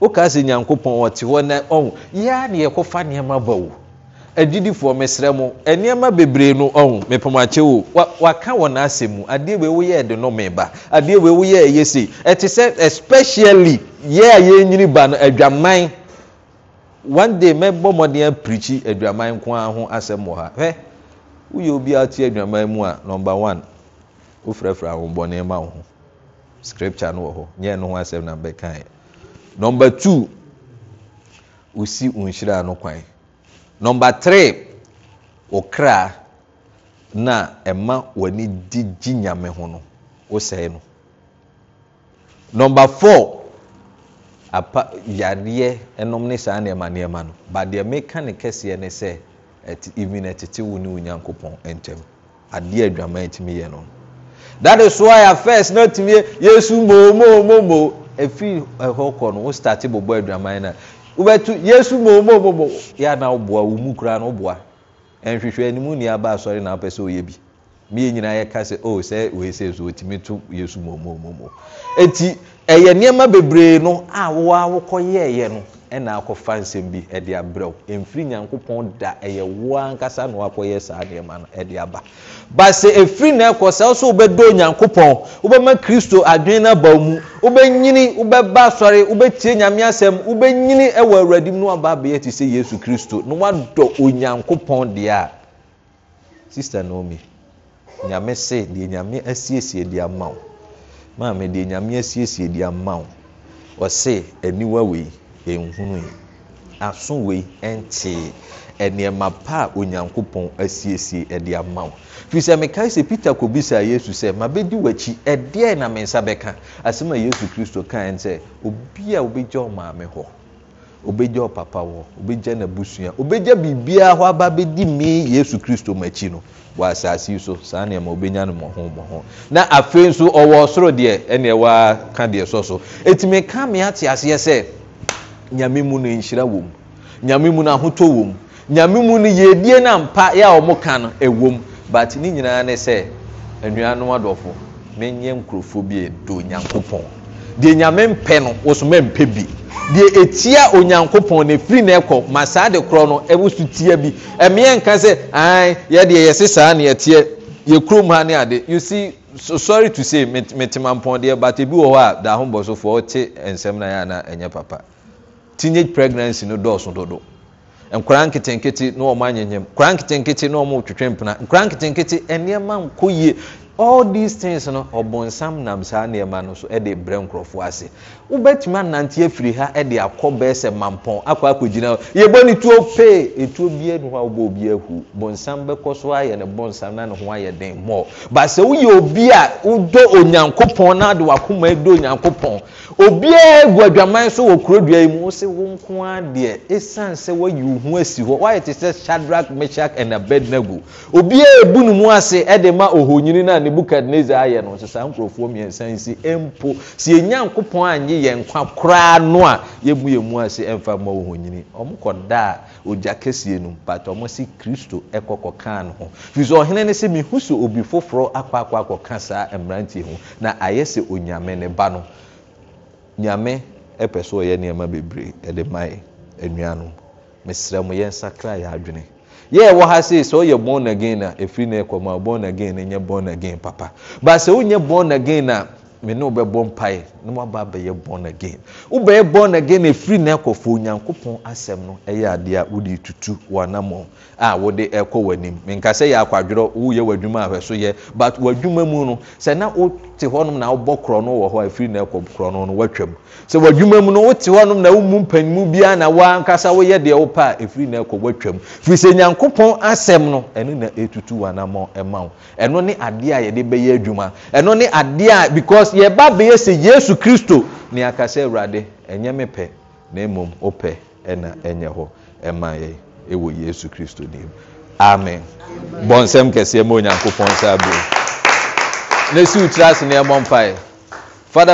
woka sɛ nyankopɔn ɔte hɔ na ɔhu yɛa ne yɛkɔfa nnoɔma ba wo agyidifoɔ mesrɛ mo nnoɔma bebree no ɔhu mepamakyɛ o waka wɔ n'asɛm mu adeɛ wei woyɛɛ de no meba adeɛ wei woyɛɛ yɛ sei ɛte sɛ especially yɛ a yɛnyini ba no adwaman one day mɛbɔ mmɔden aprikyi adwaman nko ara ho asɛm wɔ ha hwɛ woyɛ obiaa te adwaman mu a number wan, wofrɛfrɛ ahombɔne ma wo ho scripture no wɔ hɔ nyɛ no ho asɛm na bɛkaeɛ number two wosi wonhyiraa no kwan number three wo na ɛma w'ani gye gye nyame ho no wo sɛe no number four apa yareɛ nom ne saa nnoɛma nnoɔma no but deɛ meka ne kɛseɛ ne sɛ even ɛtete wo ne wo nyankopɔn ntɛm adeɛ adwama atumi yɛ no that is why at first na tumi yesu moomomomo efi ɛhɔ kɔ no wo start bɔbɔ adwaman na wobɛtu yesu moomomomo yɛ na woboa wo mu kura no woboa nhwehwɛ anim ni aba asɔre na apɛ sɛ oyɛ bi mie nyinaa yɛka sɛ o oh, sɛ wei sɛ so otumi tu yesu moomomomo eti ɛyɛ nneɛma bebree no a wɔwɔ awokɔ yɛɛyɛ no. ɛna akɔfa nsɛm bi ɛde abrɛw mfiri nyankopɔn da ɛyɛ woa ankasa na wakɔyɛ saa nneɛma no ɛde aba ba sɛ ɛfiri na ɛkɔ sɛ wosɛ wobɛdɔ onyankopɔn wobɛma kristo adwene no aba mu wobɛnyini wobɛba asɔre wobɛtie nyame asɛm wobɛnyini ɛwɔ awurade mu na waba abɛyɛ te sɛ yesu kristo na woadɔ onyankopɔn deɛ a sister naomi nyame se deɛ nyame asiesie deɛ ama wo maame deɛ nyame asiesie deɛ ama wo ɔse aniwa wei nhunui aso wei nkyee nnoɔma pa a onyankopɔn asiesie ɛde ama wo firi sɛ mekae sɛ peter kɔbisaa yesu sɛ mabɛdi w'akyi ɛdeɛ na me nsa bɛka asɛm a yesu kristo ka kaɛn sɛ obi a wobɛgya ɔmaame hɔ ɔbɛgya ɔpapa wɔ ɔbɛgya n'abusua ɔbɛgya biribiaa hɔ aba bɛdi me yesu kristo makyi no wɔ asase yi so saa nneɛma ɔbɛnya no mmɔhommɔho na afei nso ɔwɔ ɔsoro deɛ ɛneɛ waa ka deɛ sɔ so ɛtumi ka me ate aseɛ sɛ nyame mu no nhyira wɔ mu nyame mu no ahotɔ wɔ mu nyame mu no yɛdie no mpa yɛ a wɔn ka no ɛwɔ but ne nyinaa ne sɛ nnuanom adɔfo menyɛ nkurɔfoɔ bi ɛdɔ onyankopɔn deɛ nyame mpɛ no wosoma mpɛ bi deɛ etia onyankopɔn na efiri na ɛkɔ ma saa de korɔ no ɛwɔ tia bi ɛmeɛ nka sɛ ae yɛdeɛ yɛsi saa na yɛteɛ yɛ kurom ha ne ade you see so sorry to say metemapɔn deɛ but ebi wɔ hɔ a dahom bɔ so ɔte nsɛm na yɛ ana ɛnyɛ papa teenage pregnancy no dɔɔso dodo nkwadaa nketenkete na wɔn anyanyam nkwadaa nketenkete na wɔn retwetwe mpena nkwadaa nketenkete nneɛma nkɔ yie all these things no ɔbɔnsam nam saa nneɛma no so ɛde brɛ nkurɔfoɔ ase wobɛtumi anante afiri ha ɛde akɔ bɛsɛ mampɔn akɔ akɔgyina hɔ yɛbɔ ne tuo pee etuo bia ne ho a wobɔ obi ahu bɔnsam bɛkɔ so ayɛ ne bɔnsam na ne ho ayɛ den mɔɔ baasa woyɛ obi a wodɔ onyankopɔn na de wakoma do onyankopɔn obiara gu adwaman so wɔ kurodua yi mu wosi wo nko ara deɛ esan sɛ wɔyi wo ho asi hɔ wɔayɛ te sɛ shadrach meshach and abednego obiara ebu ne mu ase ɛde ma ohonyini na nebukadnezar ayɛ no sisan nkurɔfoɔ mmiɛnsa nsi mpo si enya nkopɔn anyi yɛn nkwa koraa no a yɛmu yɛn mu ase ɛnfa ma ohonyini wɔn kɔ da a ogya kɛseɛ no but wɔn si kristo ɛkɔ kɔ kaa no ho fisɛ ɔhene ne sɛ mihu so obi foforɔ akɔ akɔ akɔ ka saa mmeranteɛ ho na ayɛ sɛ onyame ne ba no nyame pɛ so ɔyɛ nnoɔma bebree ɛde mayɛ anuanom mesrɛ mo yɛnsakra yɛ adwene yɛ wɔ ha sei sɛ woyɛ bɔn again a ɛfiri no ɛkɔm a bɔn again no nyɛ bɔn again papa but sɛ wonyɛ born again a me ne wobɛbɔ mpaeɛ na woaba abɛyɛ bɔn again wobɛyɛ born again ɛfiri no ɛkɔfo onyankopɔn asɛm no ɛyɛ adeɛ a wode tutu w'anammɔ a wode ɛkɔ w'anim menka sɛ yɛ akwadwerɛ woyɛ w'adwuma a hwɛ so yɛ but w'adwuma mu no sɛ na wote hɔnom na wobɔ korɔno wɔ hɔ afiri na ɛkɔ korɔno no woatwam sɛ w'adwuma mu no wote hɔnom na womu mpanimu biara na woankasa woyɛ deɛ wopɛ a ɛfiri na ɛkɔ woatwam firi sɛ nyankopɔn asɛm no ɛno na ɛtutu w'anammɔ ɛma wo ɛno ne adeɛ a yɛde bɛyɛ adwuma ɛno ne adeɛ a because yɛba bɛyɛ sɛ yesu kristo ne aka sɛ awurade ɛnyɛ me pɛ na mmom wopɛ ɛna ɛnyɛ hɔ ɛma yɛ ɛwɔ yesu kristo nim amen bɔnsɛm kɛseɛ ma onyankopɔn saa bio Father,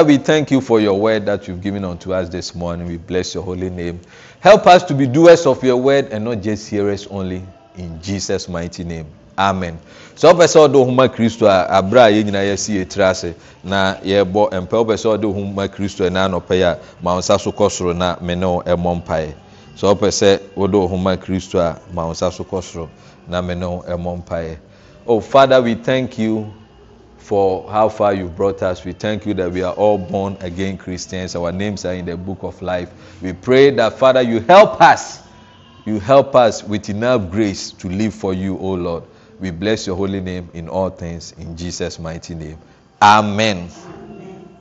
we thank you for your word that you've given unto us this morning. We bless your holy name. Help us to be doers of your word and not just hearers only. In Jesus' mighty name. Amen. So, wopɛ sɛ ɔde ohoma kristo a i a yɛn nyinaa yɛsi yɛtiri ase na yɛbɔ mpɛ wopɛ sɛ ɔde kristo ɛna anɔpɛ yi a ma so kɔ soro na me ne wo ɛmɔ mpaeɛ sɛ wopɛ sɛ kristo a ma nsa na me ne oh father we thank you for how far you've brought us. We thank you that we are all born again Christians. Our names are in the book of life. We pray that, Father, you help us. You help us with enough grace to live for you, O Lord. We bless your holy name in all things. In Jesus' mighty name. Amen.